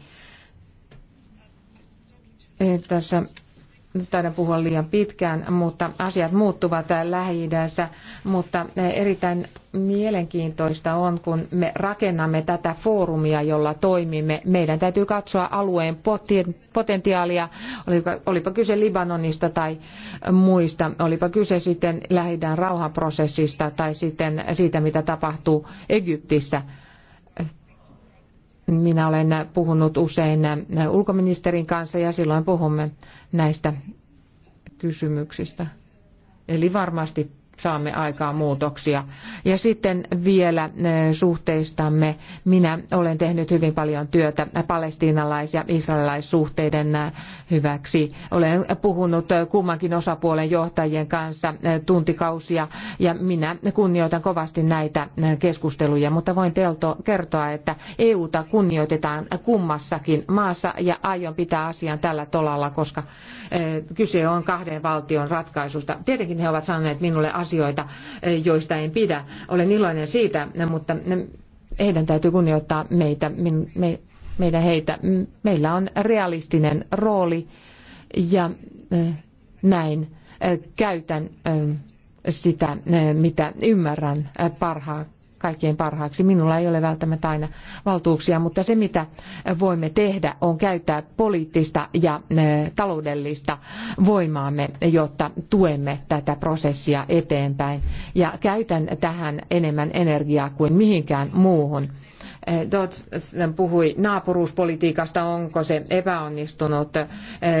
Tässä taida puhua liian pitkään, mutta asiat muuttuvat lähi mutta eh, erittäin mielenkiintoista on, kun me rakennamme tätä foorumia, jolla toimimme. Meidän täytyy katsoa alueen potentiaalia, olipa kyse Libanonista tai muista, olipa kyse sitten lähi rauhanprosessista tai sitten siitä, mitä tapahtuu Egyptissä minä olen puhunut usein ulkoministerin kanssa ja silloin puhumme näistä kysymyksistä. Eli varmasti saamme aikaan muutoksia. Ja sitten vielä eh, suhteistamme. Minä olen tehnyt hyvin paljon työtä palestiinalais- ja israelaissuhteiden eh, hyväksi. Olen puhunut eh, kummankin osapuolen johtajien kanssa tuntikausia ja minä kunnioitan kovasti näitä keskusteluja, mutta voin telto, kertoa, että EUta kunnioitetaan kummassakin maassa ja aion pitää asian tällä tolalla, koska kyse on kahden valtion ratkaisusta. Tietenkin he ovat sanoneet minulle asia asioita, eh, joista en pidä. Olen iloinen siitä, mutta heidän täytyy kunnioittaa meitä, me, meidän heitä. Meillä on realistinen rooli ja eh, näin eh, käytän sitä, mitä ymmärrän parhaaksi kaikkein parhaaksi. Minulla ei ole välttämättä aina valtuuksia, mutta se mitä voimme tehdä on käyttää poliittista ja eh, taloudellista voimaamme, jotta tuemme tätä prosessia eteenpäin. Ja käytän tähän enemmän energiaa kuin mihinkään muuhun. Eh, Dodds puhui naapuruuspolitiikasta, onko se epäonnistunut, eh,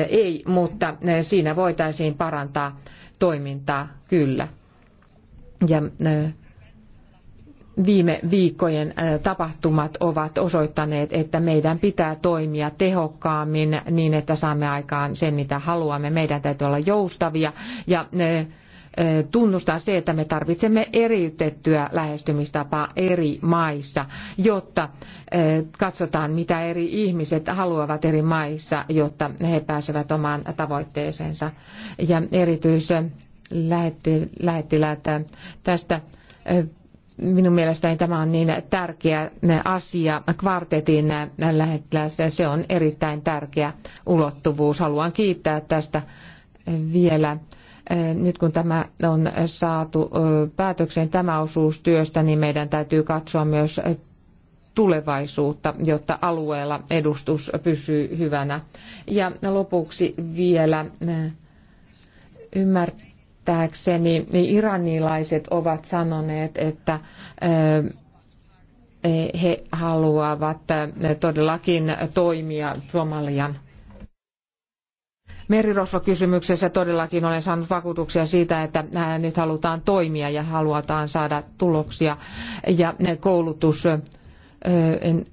ei, mutta siinä voitaisiin parantaa toimintaa, kyllä. Ja viime viikkojen tapahtumat ovat osoittaneet, että meidän pitää toimia tehokkaammin niin, että saamme aikaan sen, mitä haluamme. Meidän täytyy olla joustavia ja tunnustaa se, että me tarvitsemme eriytettyä lähestymistapaa eri maissa, jotta katsotaan, mitä eri ihmiset haluavat eri maissa, jotta he pääsevät omaan tavoitteeseensa. Ja erityislähettiläät tästä minun mielestäni tämä on niin tärkeä asia. Kvartetin lähettiläs, se on erittäin tärkeä ulottuvuus. Haluan kiittää tästä vielä. Nyt kun tämä on saatu päätökseen tämä osuus työstä, niin meidän täytyy katsoa myös tulevaisuutta, jotta alueella edustus pysyy hyvänä. Ja lopuksi vielä ymmärtää käsittääkseni niin iranilaiset ovat sanoneet, että he haluavat todellakin toimia Somalian merirosvokysymyksessä todellakin olen saanut vakuutuksia siitä, että nyt halutaan toimia ja halutaan saada tuloksia ja koulutus. En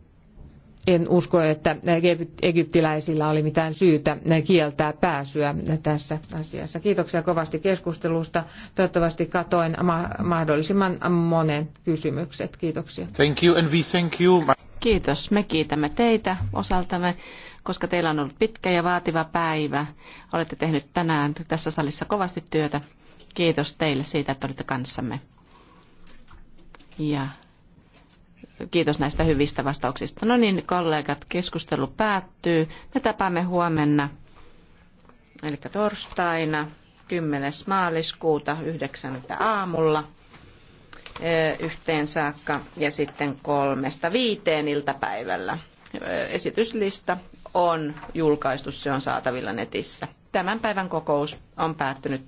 en usko, että egyptiläisillä oli mitään syytä kieltää pääsyä tässä asiassa. Kiitoksia kovasti keskustelusta. Toivottavasti katoin mahdollisimman monen kysymykset. Kiitoksia. Thank you and we thank you. Kiitos. Me kiitämme teitä osaltamme, koska teillä on ollut pitkä ja vaativa päivä. Olette tehnyt tänään tässä salissa kovasti työtä. Kiitos teille siitä, että olitte kanssamme. Ja Kiitos näistä hyvistä vastauksista. No niin, kollegat, keskustelu päättyy. Me tapaamme huomenna, eli torstaina 10. maaliskuuta 9. aamulla yhteen saakka ja sitten kolmesta viiteen iltapäivällä. Esityslista on julkaistu, se on saatavilla netissä. Tämän päivän kokous on päättynyt.